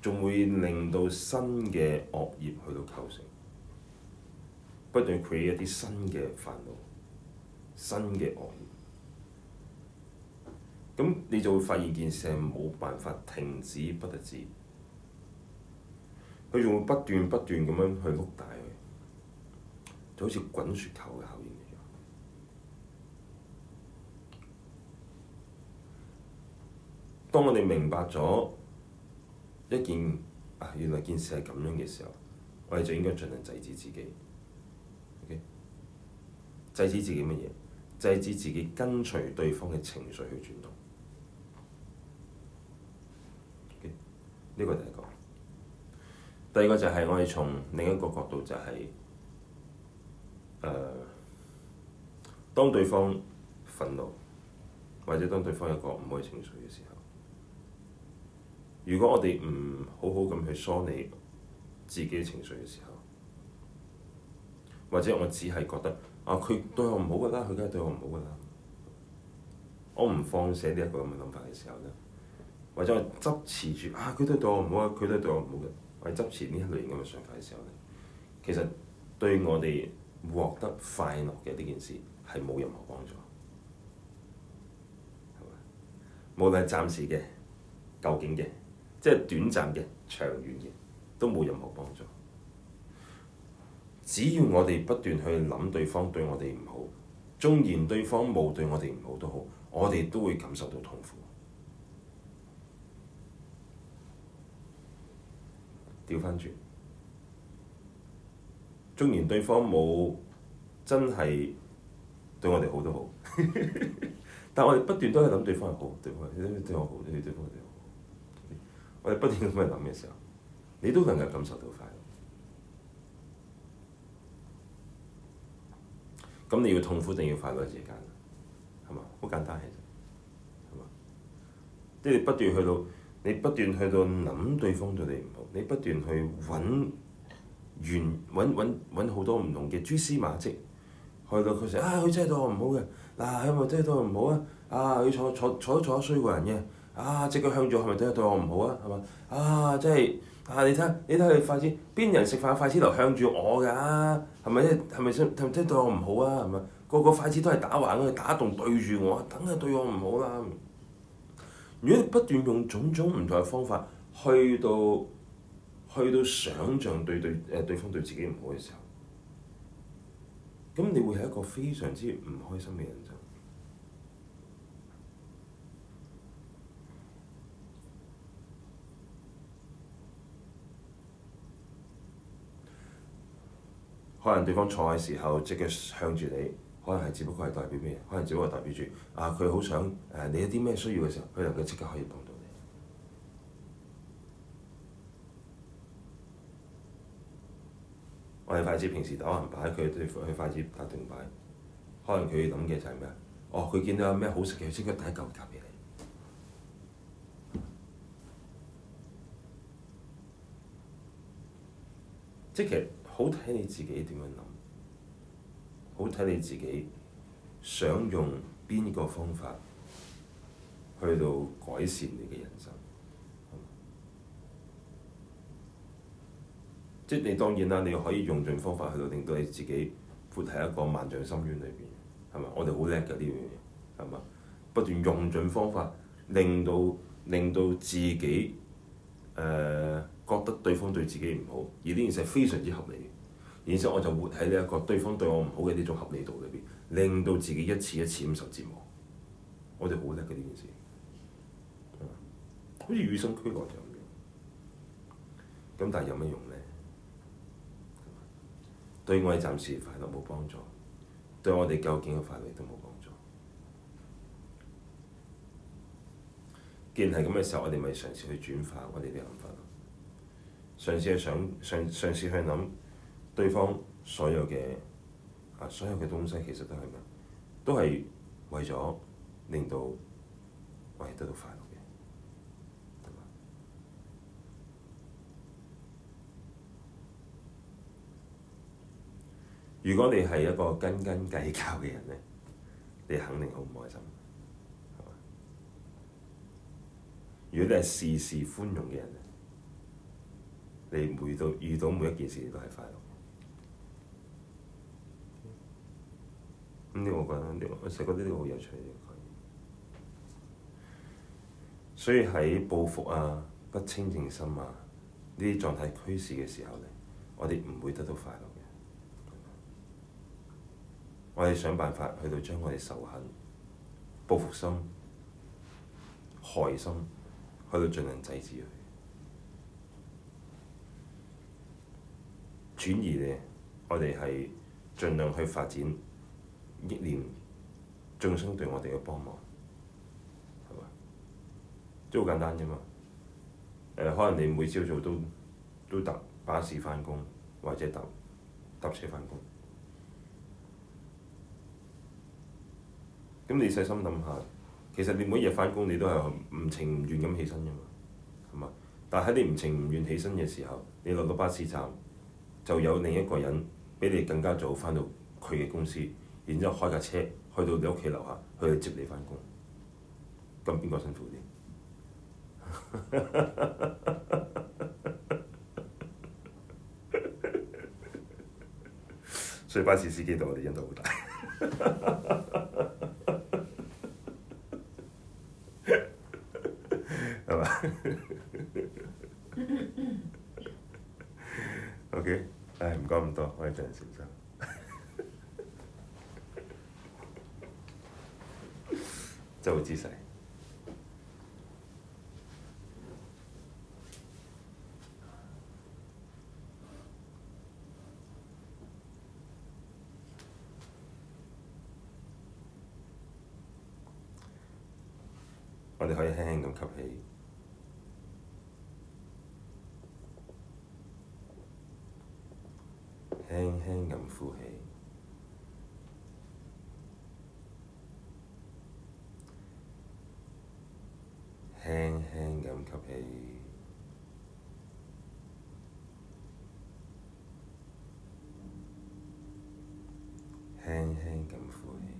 仲會令到新嘅惡業去到構成，不斷創造一啲新嘅煩惱、新嘅惡業，咁你就會發現件事係冇辦法停止不得止，佢仲會不斷不斷咁樣去擴大佢，就好似滾雪球嘅效應。當我哋明白咗一件原來件事係咁樣嘅時候，我哋就應該盡量制止自己、okay? 制止自己乜嘢？制止自己跟隨對方嘅情緒去轉動呢個、okay? 係第一個。第二個就係我哋從另一個角度、就是，就係誒，當對方憤怒，或者當對方有個唔好嘅情緒嘅時候。如果我哋唔好好咁去梳理自己嘅情緒嘅時候，或者我只係覺得啊，佢對我唔好㗎啦，佢梗係對我唔好㗎啦，我唔放捨呢一個咁嘅諗法嘅時候咧，或者我執持住啊，佢都對我唔好啊，佢都對我唔好嘅，或者執持呢一類型咁嘅想法嘅時候咧，其實對我哋獲得快樂嘅呢件事係冇任何幫助，係嘛？無論係暫時嘅、究竟嘅。即係短暫嘅、長遠嘅都冇任何幫助。只要我哋不斷去諗對方對我哋唔好，縱然對方冇對我哋唔好都好，我哋都會感受到痛苦。調翻轉，縱然對方冇真係對我哋好都好， 但我哋不斷都係諗對方係好，對方對我好，對方我哋不斷咁嚟諗嘅時候，你都能夠感受到快樂。咁你要痛苦定要快樂之間，係嘛？好簡單嘅啫，係嘛？即係不斷去到，你不斷去到諗對方對你唔好，你不斷去揾，揾揾揾揾好多唔同嘅蛛絲馬跡，去到佢成日，啊佢真係對我唔好嘅，嗱、啊、佢咪真係對我唔好啊，啊佢坐坐坐都坐衰過人嘅。啊！隻腳向住係咪真係對我唔好啊？係嘛？啊！即係啊！你睇下，你睇下筷子，邊人食飯筷子頭向住我㗎？係咪真係？係咪真係？係咪真對我唔好啊？係咪？個個筷子都係打橫，打洞對住我，梗係對我唔好啦。如果不斷用種種唔同嘅方法去到去到想像對對誒對方對自己唔好嘅時候，咁你會係一個非常之唔開心嘅人。可能對方坐嘅時候即刻向住你，可能係只不過係代表咩？可能只不過代表住啊，佢好想誒、呃，你有啲咩需要嘅時候，佢能夠即刻可以幫到你。我哋筷子平時打橫擺，佢對住佢筷子打斷擺。可能佢諗嘅就係咩啊？哦，佢見到有咩好食嘅，即刻遞一嚿夾畀你。即係。好睇你自己點樣諗，好睇你自己想用邊個方法去到改善你嘅人生，即係你當然啦，你可以用盡方法去到令到你自己活喺一個萬丈深淵裏邊，係咪？我哋好叻㗎呢樣嘢，係咪？不斷用盡方法，令到令到自己誒、呃覺得對方對自己唔好，而呢件事係非常之合理，然之後我就活喺呢一個對方對我唔好嘅呢種合理度裏邊，令到自己一次一次忍受折磨。我哋好叻嘅呢件事，好似與生俱來咁樣。咁但係有咩用呢？對我哋暫時快樂冇幫助，對我哋究竟嘅快樂都冇幫助。既然係咁嘅時候，我哋咪嘗試去轉化我哋嘅諗法。上次去想，上上次係諗對方所有嘅、所有嘅東西其實都係咩？都係為咗令到我哋得到快樂嘅。如果你係一個斤斤計較嘅人咧，你肯定好唔開心。如果你係事事寬容嘅人。你每到遇到每一件事都係快樂。咁啲、嗯、我覺得啲、嗯、我成日覺得好有趣、這個嗯、所以喺報復啊、不清淨心啊呢啲狀態驅使嘅時候咧，我哋唔會得到快樂。我哋想辦法去到將我哋仇恨、報復心、害心，去到盡量制止佢。轉移嘅，我哋係盡量去發展憶念眾生對我哋嘅幫忙，係嘛？都好簡單啫嘛。誒，可能你每朝早都都搭巴士返工，或者搭搭車返工。咁你細心諗下，其實你每日返工，你都係唔情唔願咁起身㗎嘛，係嘛？但喺你唔情唔願起身嘅時候，你落到巴士站。就有另一個人比你更加早翻到佢嘅公司，然之後開架車去到你屋企樓下，去接你翻工，咁邊個辛苦啲？ 所以巴士司機對我哋恩德好大，係咪？OK。誒，唔講咁多，我哋進行練習，做 姿勢。我哋可以輕輕咁吸氣。輕輕咁呼氣，輕輕咁吸氣，輕輕咁呼氣。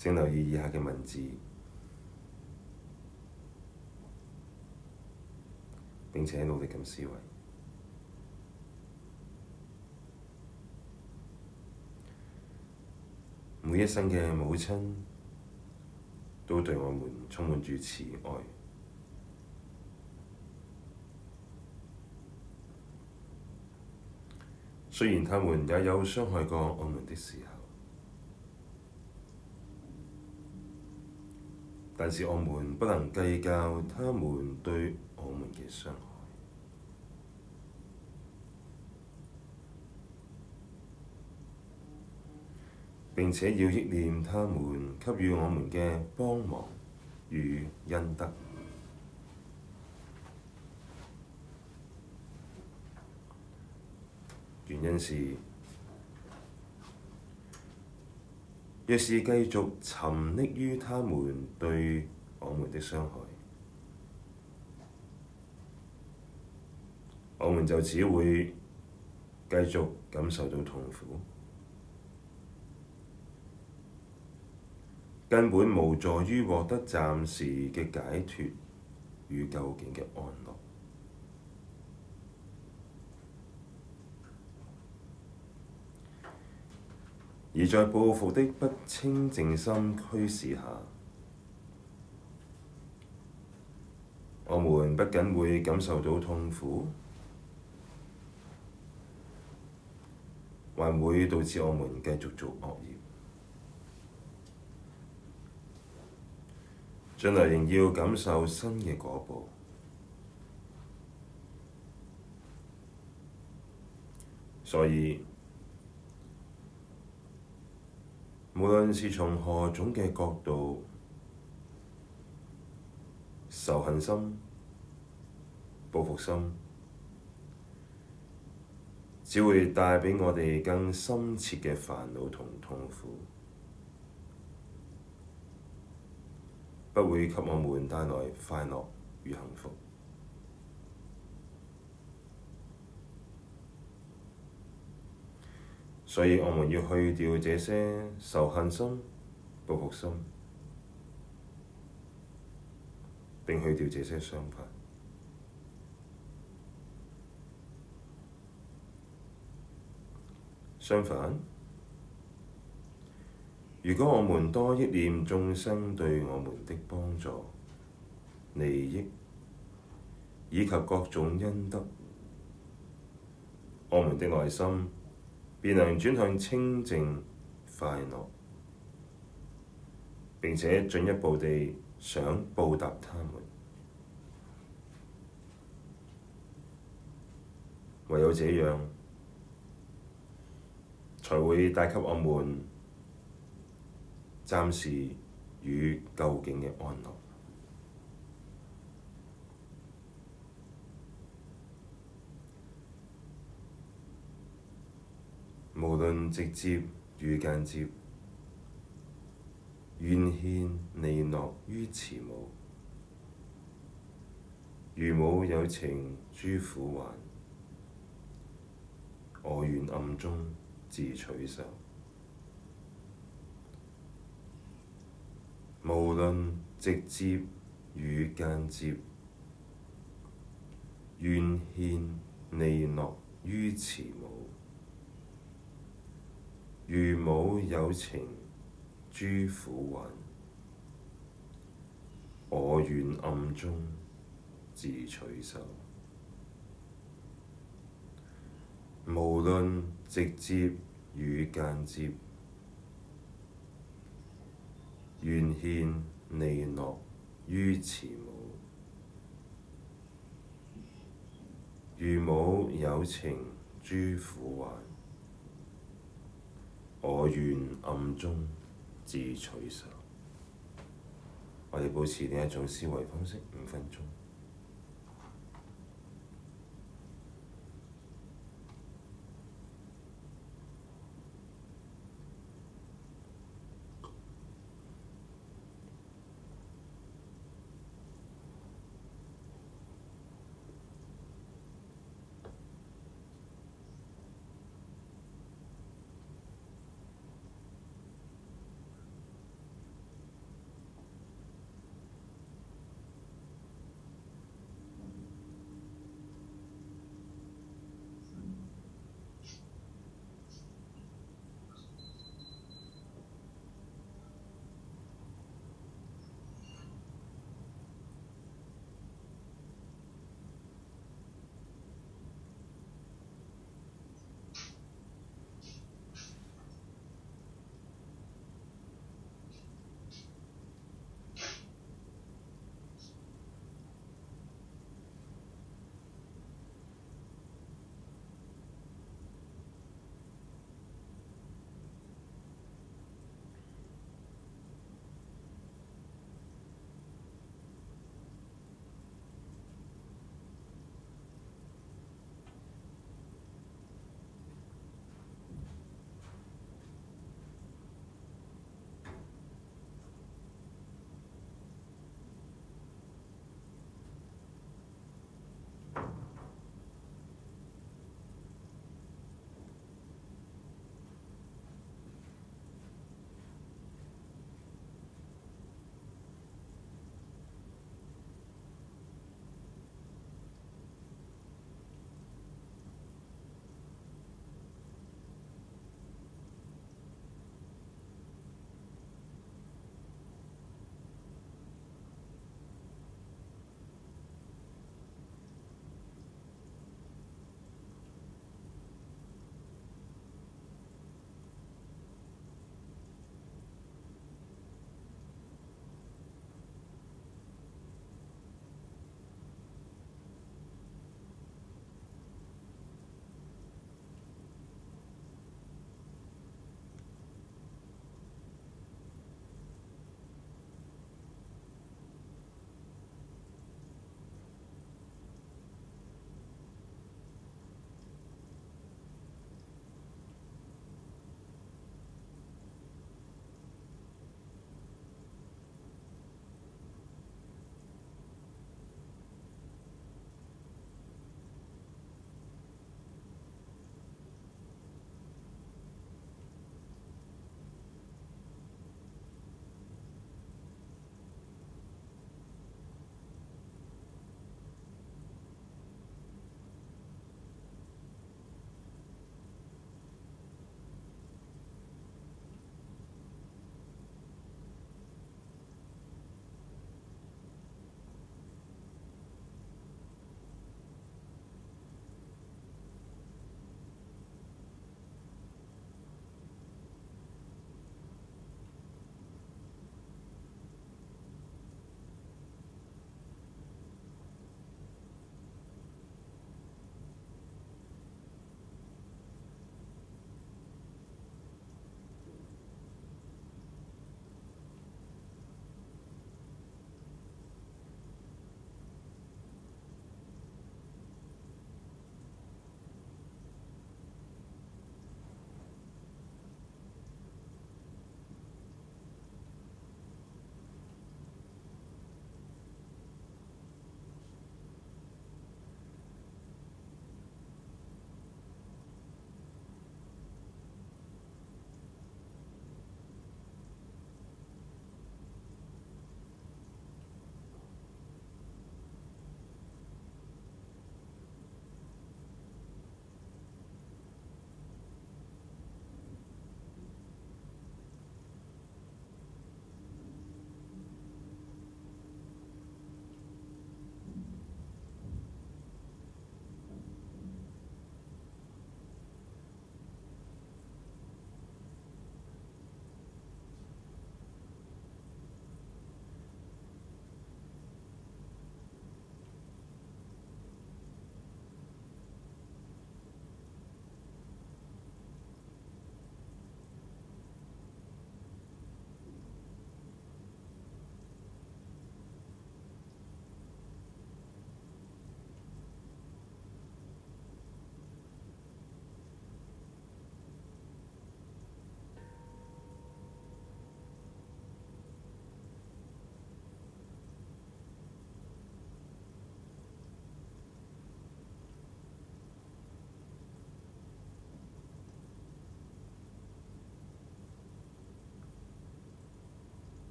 請留意以下嘅文字，並且努力咁思維。每一生嘅母親，都對我們充滿住慈愛。雖然佢們也有傷害過我們嘅時候。但是我們不能計較他們對我們嘅傷害，並且要憶念他們給予我們嘅幫忙與恩德。原因是：若是繼續沉溺於他們對我們的傷害，我們就只會繼續感受到痛苦，根本無助於獲得暫時嘅解脫與究竟嘅安樂。而在報復的不清淨心驅使下，我們不僅會感受到痛苦，還會導致我們繼續做惡業，將來仍要感受新嘅果報，所以，無論是從何種嘅角度，仇恨心、報復心，只會帶畀我哋更深切嘅煩惱同痛苦，不會給我哋帶來快樂與幸福。所以，我們要去掉這些仇恨心、報復心，並去掉這些相反。相反，如果我們多憶念眾生對我們的幫助、利益，以及各種恩德，我們的內心，便能轉向清淨快樂，並且進一步地想報答他們。唯有這樣，才會帶給我們暫時與究竟嘅安樂。無論直接與間接，願獻利樂於慈母，如母有情諸苦患，我願暗中自取受。無論直接與間接，願獻利樂於慈母。如母有情諸苦患，我願暗中自取受。無論直接與間接，願獻利樂於慈母。如母有情諸苦患。我願暗中自取受。我哋保持呢一種思維方式五分鐘。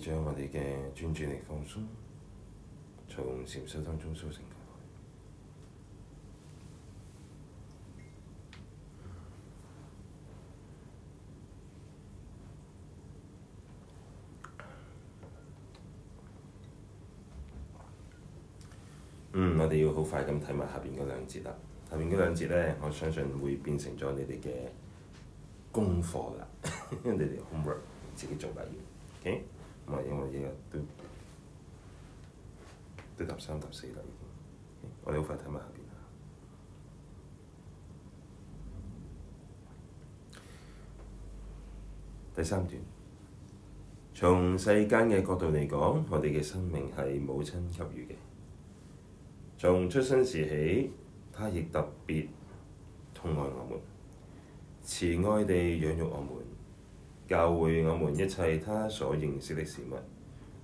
將我哋嘅專注力放鬆，從接收當中收成。嗯，我哋要好快咁睇埋下邊嗰兩節啦。下面嗰兩節咧，嗯、我相信會變成咗你哋嘅功課啦， 你哋 homework 自己做埋。o、okay? 都搭三搭四啦，已經。我哋好快睇埋下邊啦。第三段。從世間嘅角度嚟講，我哋嘅生命係母親給予嘅。從出生時起，她亦特別疼愛我們，慈愛地養育我們，教會我們一切她所認識的事物。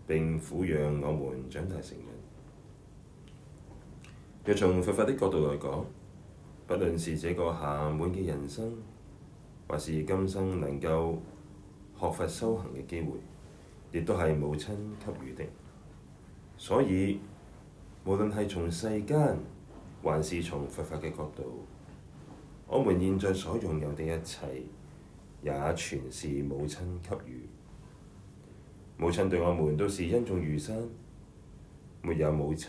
並撫養我們長大成人。若從佛法的角度來講，不論是這個暇滿嘅人身，還是今生能夠學佛修行嘅機會，亦都係母親給予的。所以，無論係從世間，還是從佛法嘅角度，我們現在所擁有的一切，也全是母親給予。母親對我們都是恩重如山，沒有母親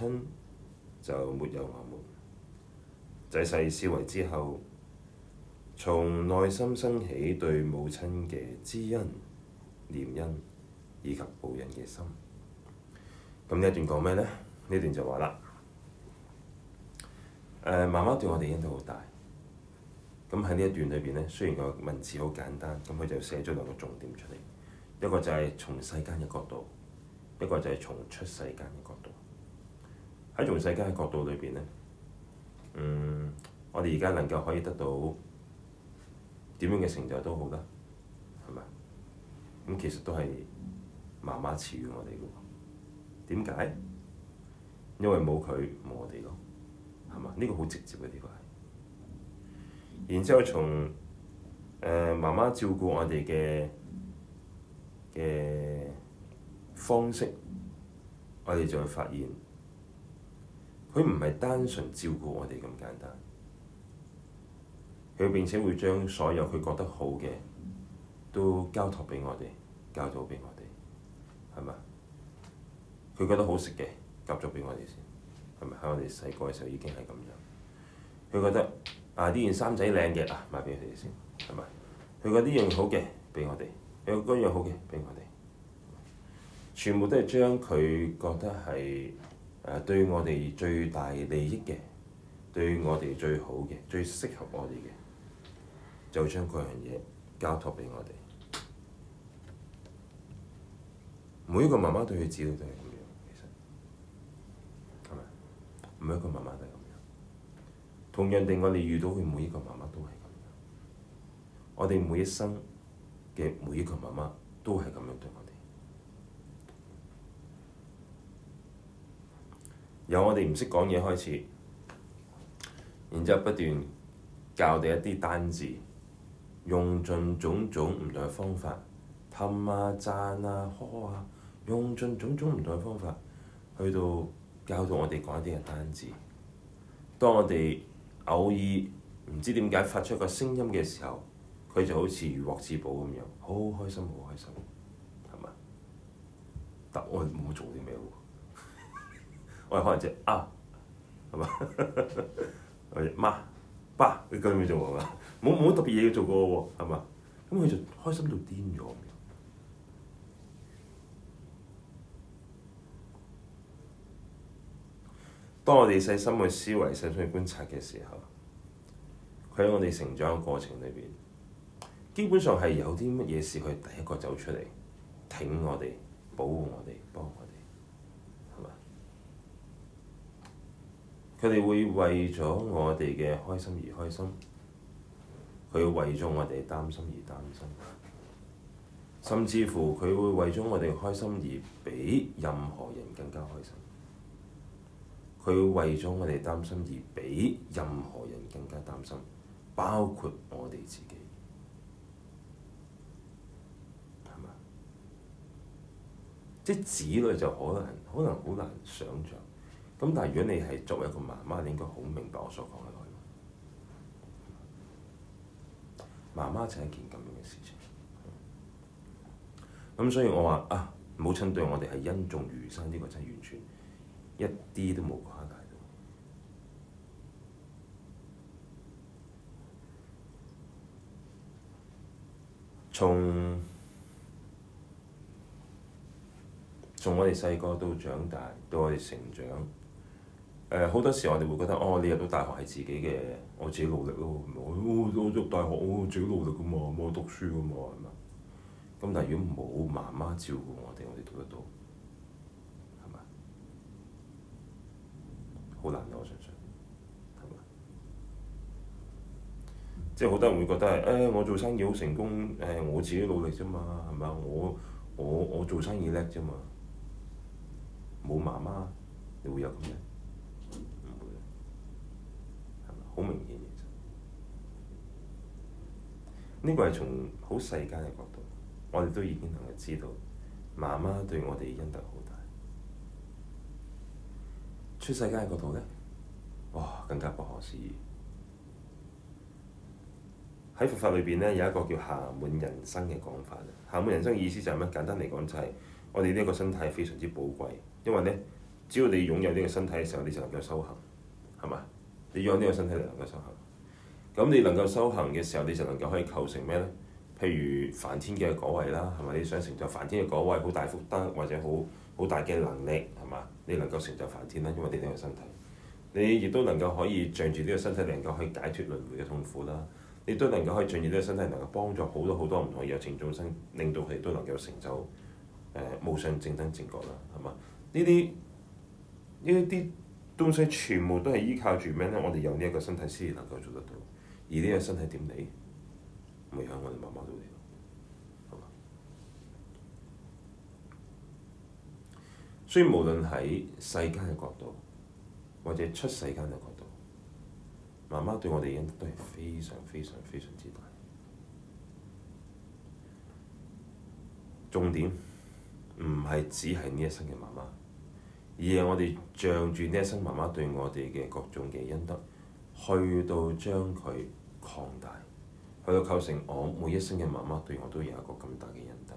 就沒有我們。仔細思維之後，從內心生起對母親嘅知恩、念恩以及報恩嘅心。咁、嗯、呢一段講咩咧？呢段就話啦，誒媽媽對我哋恩都好大。咁喺呢一段裏面呢，雖然個文字好簡單，咁、嗯、佢就寫咗兩個重點出嚟。一個就係從世間嘅角度，一個就係從出世間嘅角度。喺從世間嘅角度裏邊咧，嗯，我哋而家能夠可以得到點樣嘅成就都好啦，係咪？咁其實都係媽媽賜予我哋嘅，點解？因為冇佢冇我哋咯，係嘛？呢、呢個好直接嘅呢個係。然之後從誒、呃、媽媽照顧我哋嘅。嘅方式，我哋就會發現，佢唔係單純照顧我哋咁簡單，佢並且會將所有佢覺得好嘅，都交託畀我哋，交咗畀我哋，係咪？佢覺得好食嘅，夾咗畀我哋先，係咪？喺我哋細個嘅時候已經係咁樣？佢覺得啊，呢件衫仔靚嘅啊，買畀佢哋先，係咪？佢覺得呢樣好嘅，畀我哋。有嗰樣好嘅畀我哋，全部都係將佢覺得係誒對我哋最大利益嘅，對我哋最好嘅、最適合我哋嘅，就將嗰樣嘢交託畀我哋。每一個媽媽對佢子女都係咁樣，其實係咪？每一個媽媽都係咁樣，同樣地，我哋遇到佢每一個媽媽都係咁樣。我哋每一生嘅每一個媽媽都係咁樣對我哋，由我哋唔識講嘢開始，然之後不斷教我哋一啲單字，用盡種種唔同嘅方法，氹啊讚啊呵啊，用盡種種唔同嘅方法，去到教導我哋講一啲嘅單字。當我哋偶爾唔知點解發出個聲音嘅時候，佢就好似如獲至寶咁樣，好開心，好開心，係嘛？但係我係冇做啲咩喎， 我哋可能只、就是、啊，係嘛？ 我哋、就是、媽爸佢根本就冇冇特別嘢要做過喎，係嘛？咁佢就開心到癲咗。當我哋細心去思維、細心去觀察嘅時候，佢喺我哋成長嘅過程裏邊，基本上係有啲乜嘢事，佢第一個走出嚟，挺我哋，保護我哋，幫我哋，係嘛？佢哋會為咗我哋嘅開心而開心，佢為咗我哋擔心而擔心，甚至乎佢會為咗我哋開心而比任何人更加開心，佢為咗我哋擔心而比任何人更加擔心，包括我哋自己。即係子女就可能，可能好難想像。咁但係如果你係作為一個媽媽，你應該好明白我所講嘅內容。媽媽就係一件咁樣嘅事情。咁所以我話啊，母親對我哋係恩重如山，呢個真係完全一啲都冇誇大到。從從我哋細個到長大，到我哋成長，誒、呃、好多時候我哋會覺得，哦，你入到大學係自己嘅，我自己努力咯，唔、哦、好，我我大學，我自己努力噶嘛，我讀書噶嘛，係嘛？咁但係如果冇媽媽照顧我哋，我哋讀得到係嘛？好難咯，我相信係嘛？即係好多人都會覺得係、哎、我做生意好成功，誒，我自己努力啫嘛，係咪啊？我我我做生意叻啫嘛～冇媽媽，你會有咁嘅？唔會係咪好明顯？其、這、呢個係從好世間嘅角度，我哋都已經能夠知道媽媽對我哋嘅恩德好大。出世間嘅角度咧，哇、哦，更加不可思議！喺佛法裏邊咧，有一個叫暇滿人身嘅講法啦。暇滿人身嘅意思就係咩？簡單嚟講就係我哋呢一個身體非常之寶貴。因為咧，只要你擁有呢個身體嘅時候，你就能夠修行，係嘛？你擁有呢個身體，能夠修行。咁你能夠修行嘅時候，你就能夠可以構成咩咧？譬如梵天嘅果位啦，係嘛？你想成就梵天嘅果位，好大福德或者好好大嘅能力，係嘛？你能夠成就梵天啦，因為你呢個身體。你亦都能夠可以仗住呢個身體，能夠可以解脫輪迴嘅痛苦啦。你都能夠可以仗住呢個身體，能夠幫助好多好多唔同嘅有情眾生，令到佢都能夠成就誒無上正等正覺啦，係嘛？呢啲呢啲東西全部都係依靠住咩咧？我哋有呢一個身體先能夠做得到，而呢個身體點嚟？無疑係我哋媽媽做嘅。所以無論喺世間嘅角度，或者出世間嘅角度，媽媽對我哋影響都係非常非常非常之大。重點唔係只係呢一生嘅媽媽。而係我哋仗住呢一生媽媽對我哋嘅各種嘅恩德，去到將佢擴大，去到構成我每一生嘅媽媽對我都有一個咁大嘅恩德。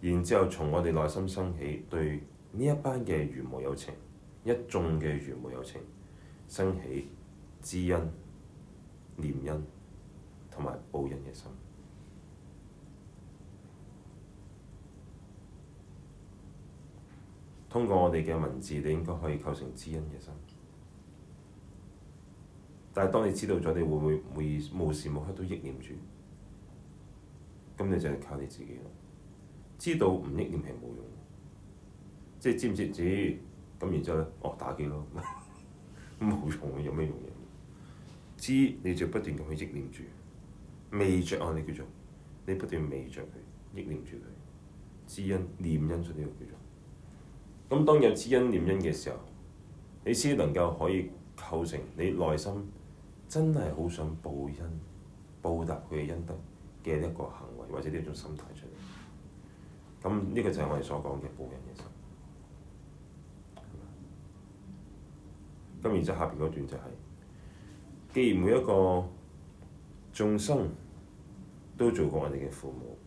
然之後從我哋內心生起對呢一班嘅如母有情，一眾嘅如母有情，生起知恩、念恩同埋報恩嘅心。通過我哋嘅文字，你應該可以構成知恩嘅心。但係當你知道咗，你會唔會唔會無時無刻都憶念住？咁你就係靠你自己咯。知道唔憶念係冇用。即係知唔知字？咁然之後咧，哦打機咯。咁冇用嘅有咩用嘢？知你就不斷咁去憶念住。未着啊！你叫做，你不斷未着佢，憶念住佢。知恩念恩出呢、呢個叫做。咁當有知恩念恩嘅時候，你先能夠可以構成你內心真係好想報恩、報答佢嘅恩德嘅一個行為，或者呢種心態出嚟。咁呢個就係我哋所講嘅報恩嘅心。咁然之後下邊嗰段就係，既然每一個眾生都做過我哋嘅父母。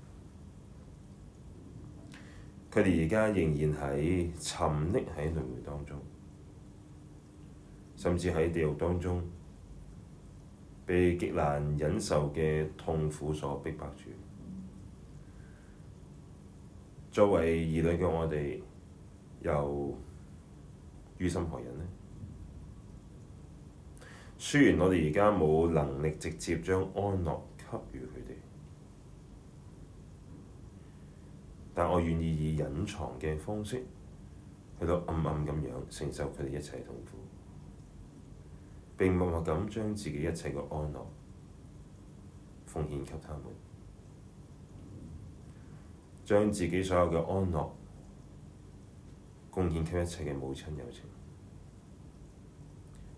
佢哋而家仍然喺沉溺喺輪迴當中，甚至喺地獄當中，被極難忍受嘅痛苦所逼迫住。作為兒女嘅我哋，又於心何忍呢？雖然我哋而家冇能力直接將安樂給予。但我願意以隱藏嘅方式，去到暗暗咁樣承受佢哋一切嘅痛苦，並默默咁將自己一切嘅安樂奉獻給他們，將自己所有嘅安樂供獻給一切嘅母親有情，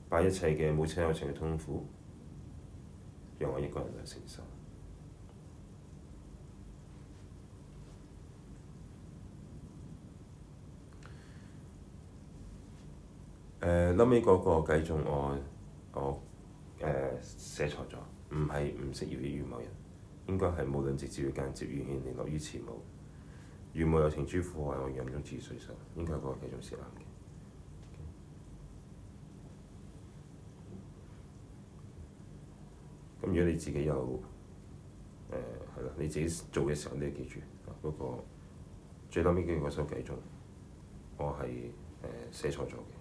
把一切嘅母親有情嘅痛苦，讓我一個人去承受。誒，後尾嗰個計中我，我我誒、呃、寫錯咗，唔係唔識業的預謀人，應該係無論直接與間接，願獻利樂於慈母。如母有，有情諸苦患，我願暗中自取受。應該個計中是啱嘅。咁，okay. 如果你自己有誒係啦，你自己做嘅時候都要記住嗰個。最後尾嗰首計中，我係誒、呃、寫錯咗嘅。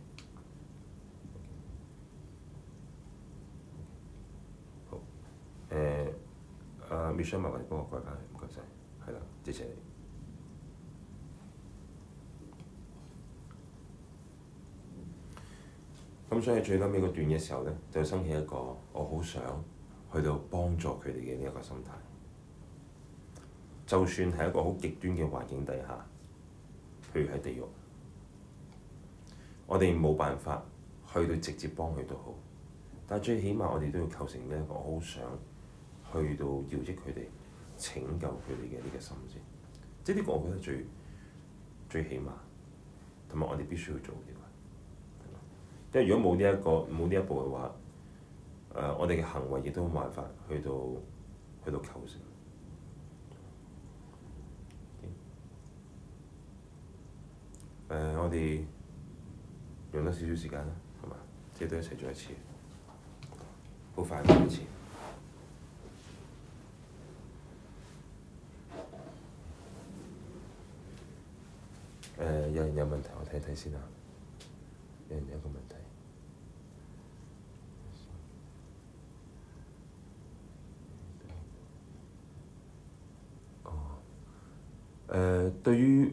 誒，阿 Michelle 麻煩你幫我改返去，唔該晒，係啦，謝謝你。咁所以最最尾嗰段嘅時候咧，就生起一個我好想去到幫助佢哋嘅呢一個心態。就算係一個好極端嘅環境底下，譬如喺地獄，我哋冇辦法去到直接幫佢都好，但係最起碼我哋都要構成呢一個好想，去到要益佢哋，拯救佢哋嘅呢個心先，即係呢個我覺得最最起碼，同埋我哋必須要做嘅，因為如果冇呢一個冇呢一步嘅話，誒、呃、我哋嘅行為亦都冇辦法去到去到求成。誒、嗯呃、我哋用多少少時間啦，係嘛？即係都一齊做一次，好快嘅一次。誒、呃、有人有問題，我睇睇先啊。有人有個問題。哦。誒、呃，對於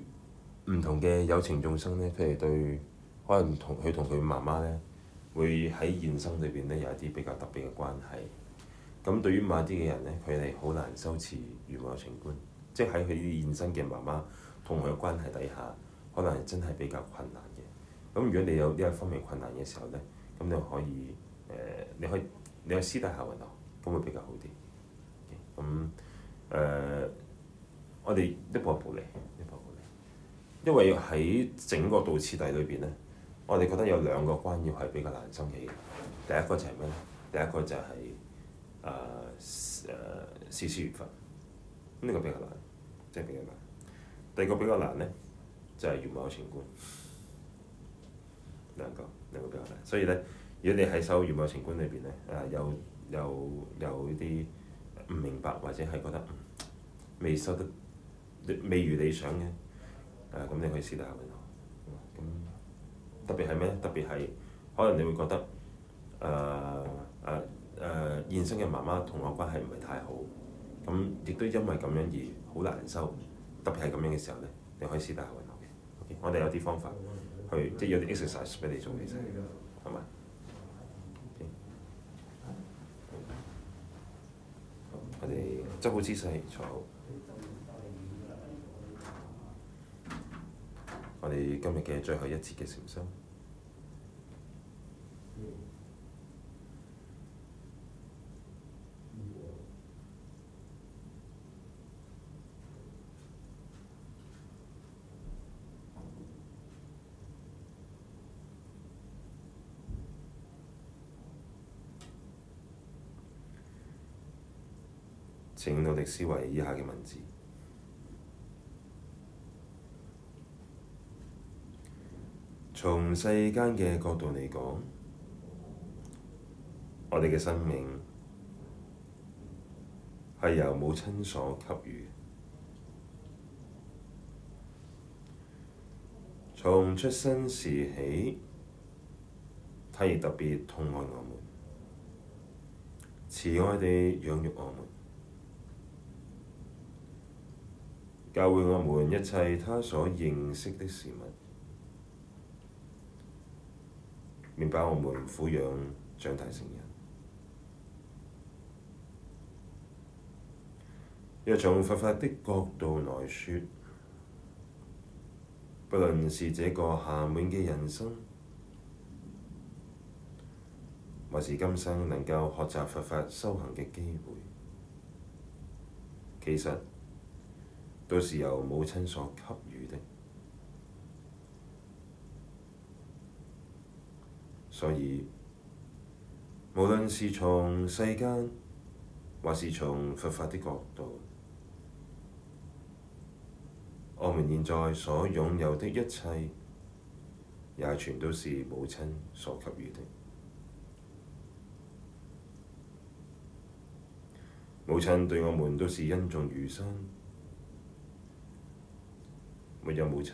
唔同嘅有情眾生咧，譬如對可能同佢同佢媽媽咧，會喺現生裏邊咧有一啲比較特別嘅關係。咁對於某啲嘅人咧，佢哋好難修持圓滿情觀，即係喺佢啲現生嘅媽媽同佢嘅關係底下。可能係真係比較困難嘅，咁如果你有呢一方面困難嘅時候咧，咁你可以誒、呃，你可以你去私底下運動，咁會比較好啲嘅。咁、okay? 誒、嗯呃，我哋一步一步嚟，一步一步嚟。因為喺整個道次第裏邊咧，我哋覺得有兩個關要係比較難生起嘅。第一個就係咩咧？第一個就係誒誒事出緣分，呢個比較難，即、就、係、是、比較難。第二個比較難咧。就係《如母情觀》兩，兩個兩個比較大，所以咧，如果你喺收《如母情觀裏面》裏邊咧，啊有有有呢啲唔明白或者係覺得未收得未如理想嘅，啊咁你可以私底下問、嗯。特別係咩咧？特別係可能你會覺得誒誒誒，現生嘅媽媽同我關係唔係太好，咁亦都因為咁樣而好難收。特別係咁樣嘅時候咧，你可以私底下問。嗯、我哋有啲方法去，去即係有啲 exercise 畀你做，其實係咪？我哋執好姿勢，坐好、응。Okay. Okay. 好。我哋今日嘅最後一次嘅禪修。請努力思維以下嘅文字，從世間嘅角度嚟講，我哋嘅生命係由母親所給予嘅。從出生時起，她亦特別疼愛我們，慈愛地養育我們。教會我們一切他所認識的事物，並把我們撫養長大成人。若從佛法的角度來說，不論是這個暇滿嘅人身，還是今生能夠學習佛法修行嘅機會，其實都是由母親所給予的，所以無論是從世間，還是從佛法的角度，我們現在所擁有的一切，也全都是母親所給予的。母親對我們都是恩重如山。沒有母親，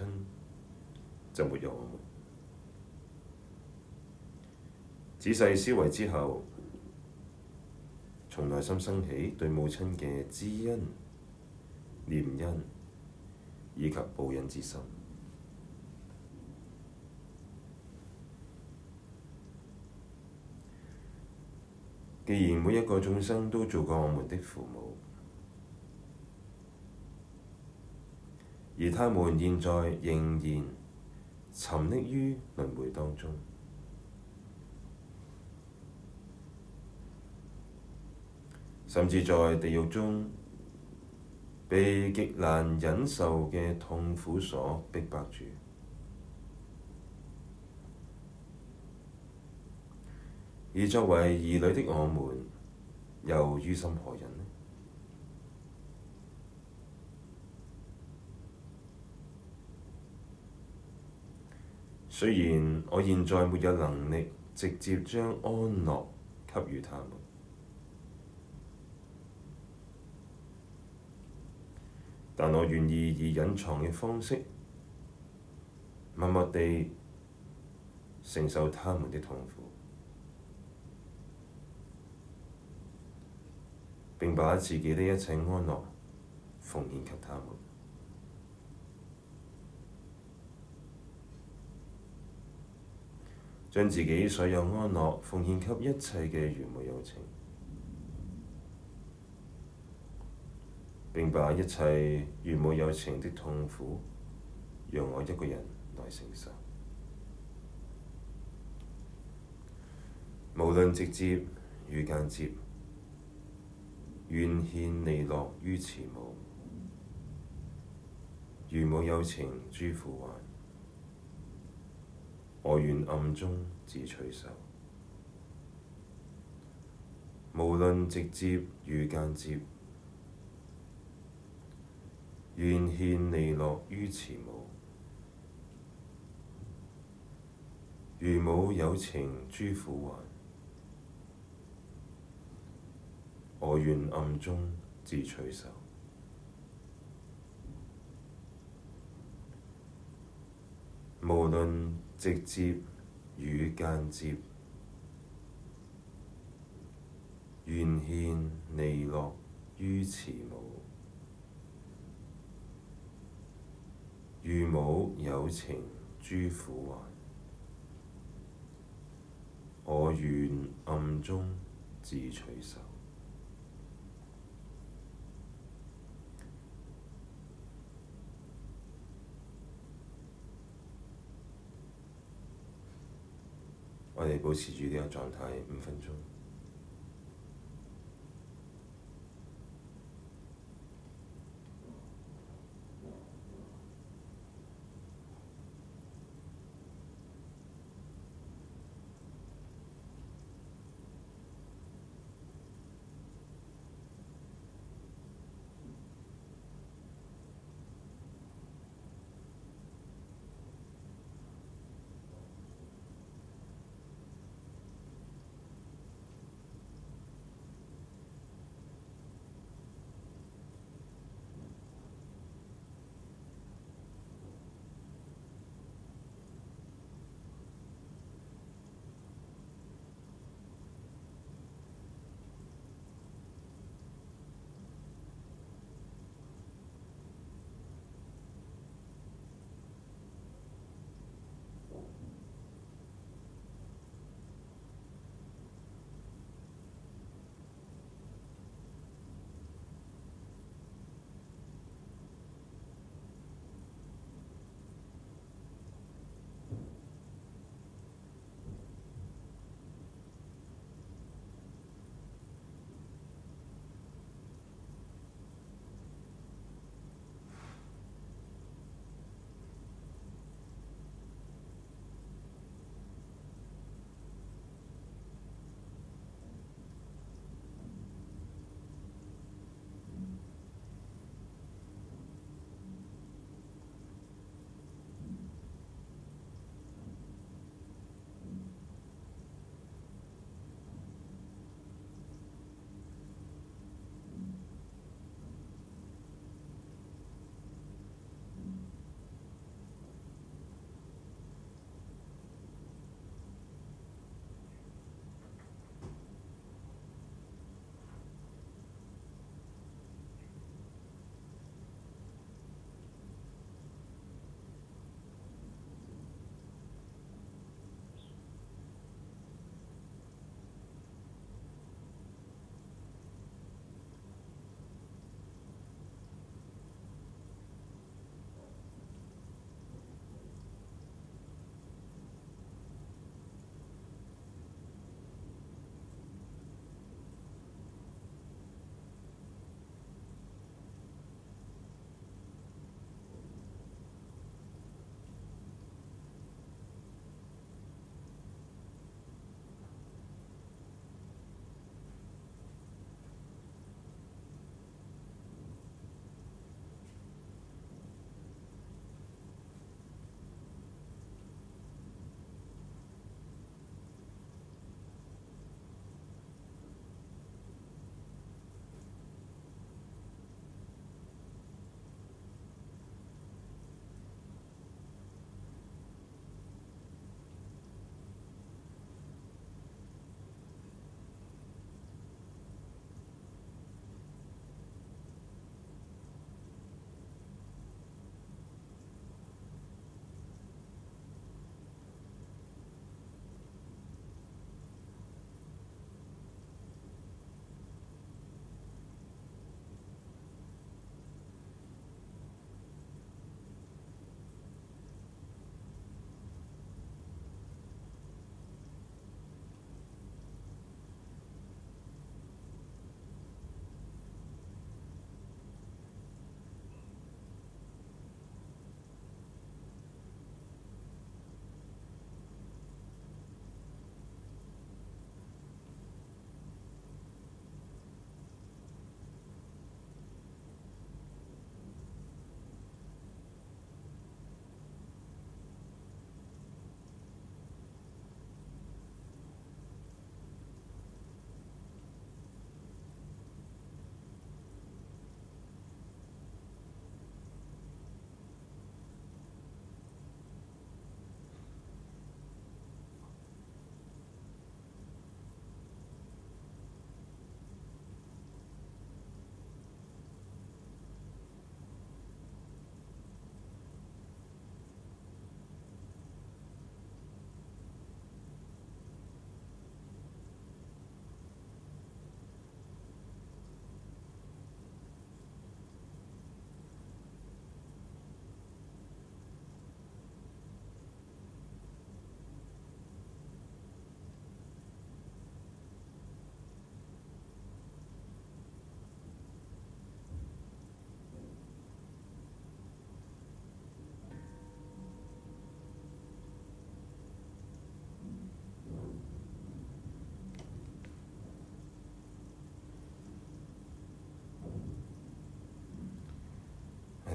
就沒有我們。仔細思維之後，從內心生起對母親嘅知恩、念恩以及報恩之心。既然每一個眾生都做過我們的父母。而他們現在仍然沉溺於輪迴當中，甚至在地獄中被極難忍受嘅痛苦所逼迫住，而作為兒女的我們又於心何忍？雖然我現在沒有能力直接將安樂給予他們，但我願意以隱藏嘅方式，默默地承受他們的痛苦，並把自己的一切安樂奉獻給他們。將自己所有安樂奉獻給一切嘅如母有情，並把一切如母有情的痛苦，讓我一個人來承受。無論直接與間接，願獻利樂於慈母，如母有情諸苦患。我願暗中自取受，無論直接與間接，願獻利樂於慈母，如母有情諸苦患。我願暗中自取受，無論直接與間接，願獻利樂於慈母，如母有情諸苦患，我願暗中自取受。我哋保持住呢個狀態五分鐘。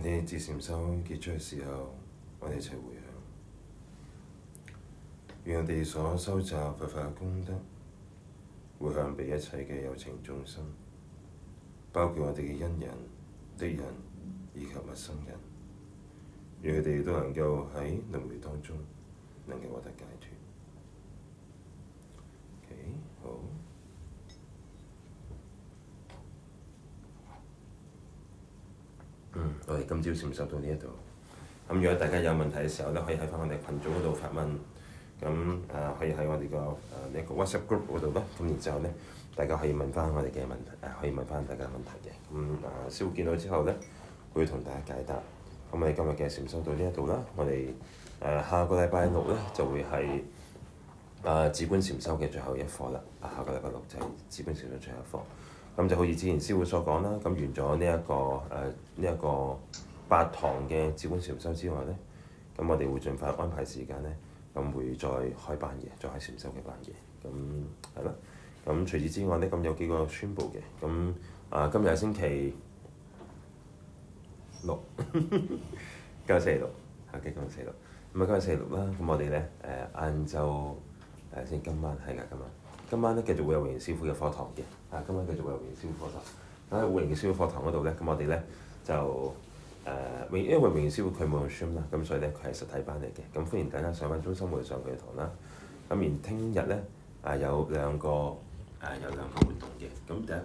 你自禪修結束嘅時候，我哋一齊回向，願我哋所修習佛法嘅功德，回向畀一切嘅有情眾生，包括我哋嘅恩人、敵人以及陌生人，願佢哋都能夠喺輪迴當中，能夠獲得解脫。要禪修到呢一度，咁如果大家有問題嘅時候咧，可以喺翻我哋群組嗰度發問，咁誒可以喺我哋、uh, 個誒呢個 WhatsApp group 嗰度咧。咁然之後咧，大家可以問翻我哋嘅問誒，可以問翻大家問題嘅。咁、嗯、誒、啊，師傅見到之後咧，會同大家解答。咁我哋今日嘅禪修到呢一度啦，我哋誒下個禮拜六咧就會係誒資本禪修嘅最後一課啦。啊，下個禮拜六就係資本禪修最後一課。咁、啊、就好似、啊、之前師傅所講啦，咁完咗呢一個誒呢一個。啊這個八堂嘅接管禪修之外咧，咁我哋會盡快安排時間咧，咁會再開班嘅，再開禪修嘅班嘅，咁係啦。咁除此之外咧，咁有幾個宣佈嘅，咁啊今日係星期六， 今日星期六，係、嗯、嘅，今日星期六，咁啊今日星期六啦。咁我哋咧誒晏晝誒先，今晚係㗎、啊，今晚今晚咧繼續會有榮師傅嘅課堂嘅，啊今晚繼續會有榮師傅課堂。喺、啊、榮師傅課堂嗰度咧，咁我哋咧就～誒、uh，因為榮譽師傅佢冇用 stream 啦，咁所以咧佢係實體班嚟嘅，咁歡迎大家上翻中心會上佢嘅堂啦。咁然聽日咧誒，有兩個，誒、啊，有兩個活動嘅，咁第一。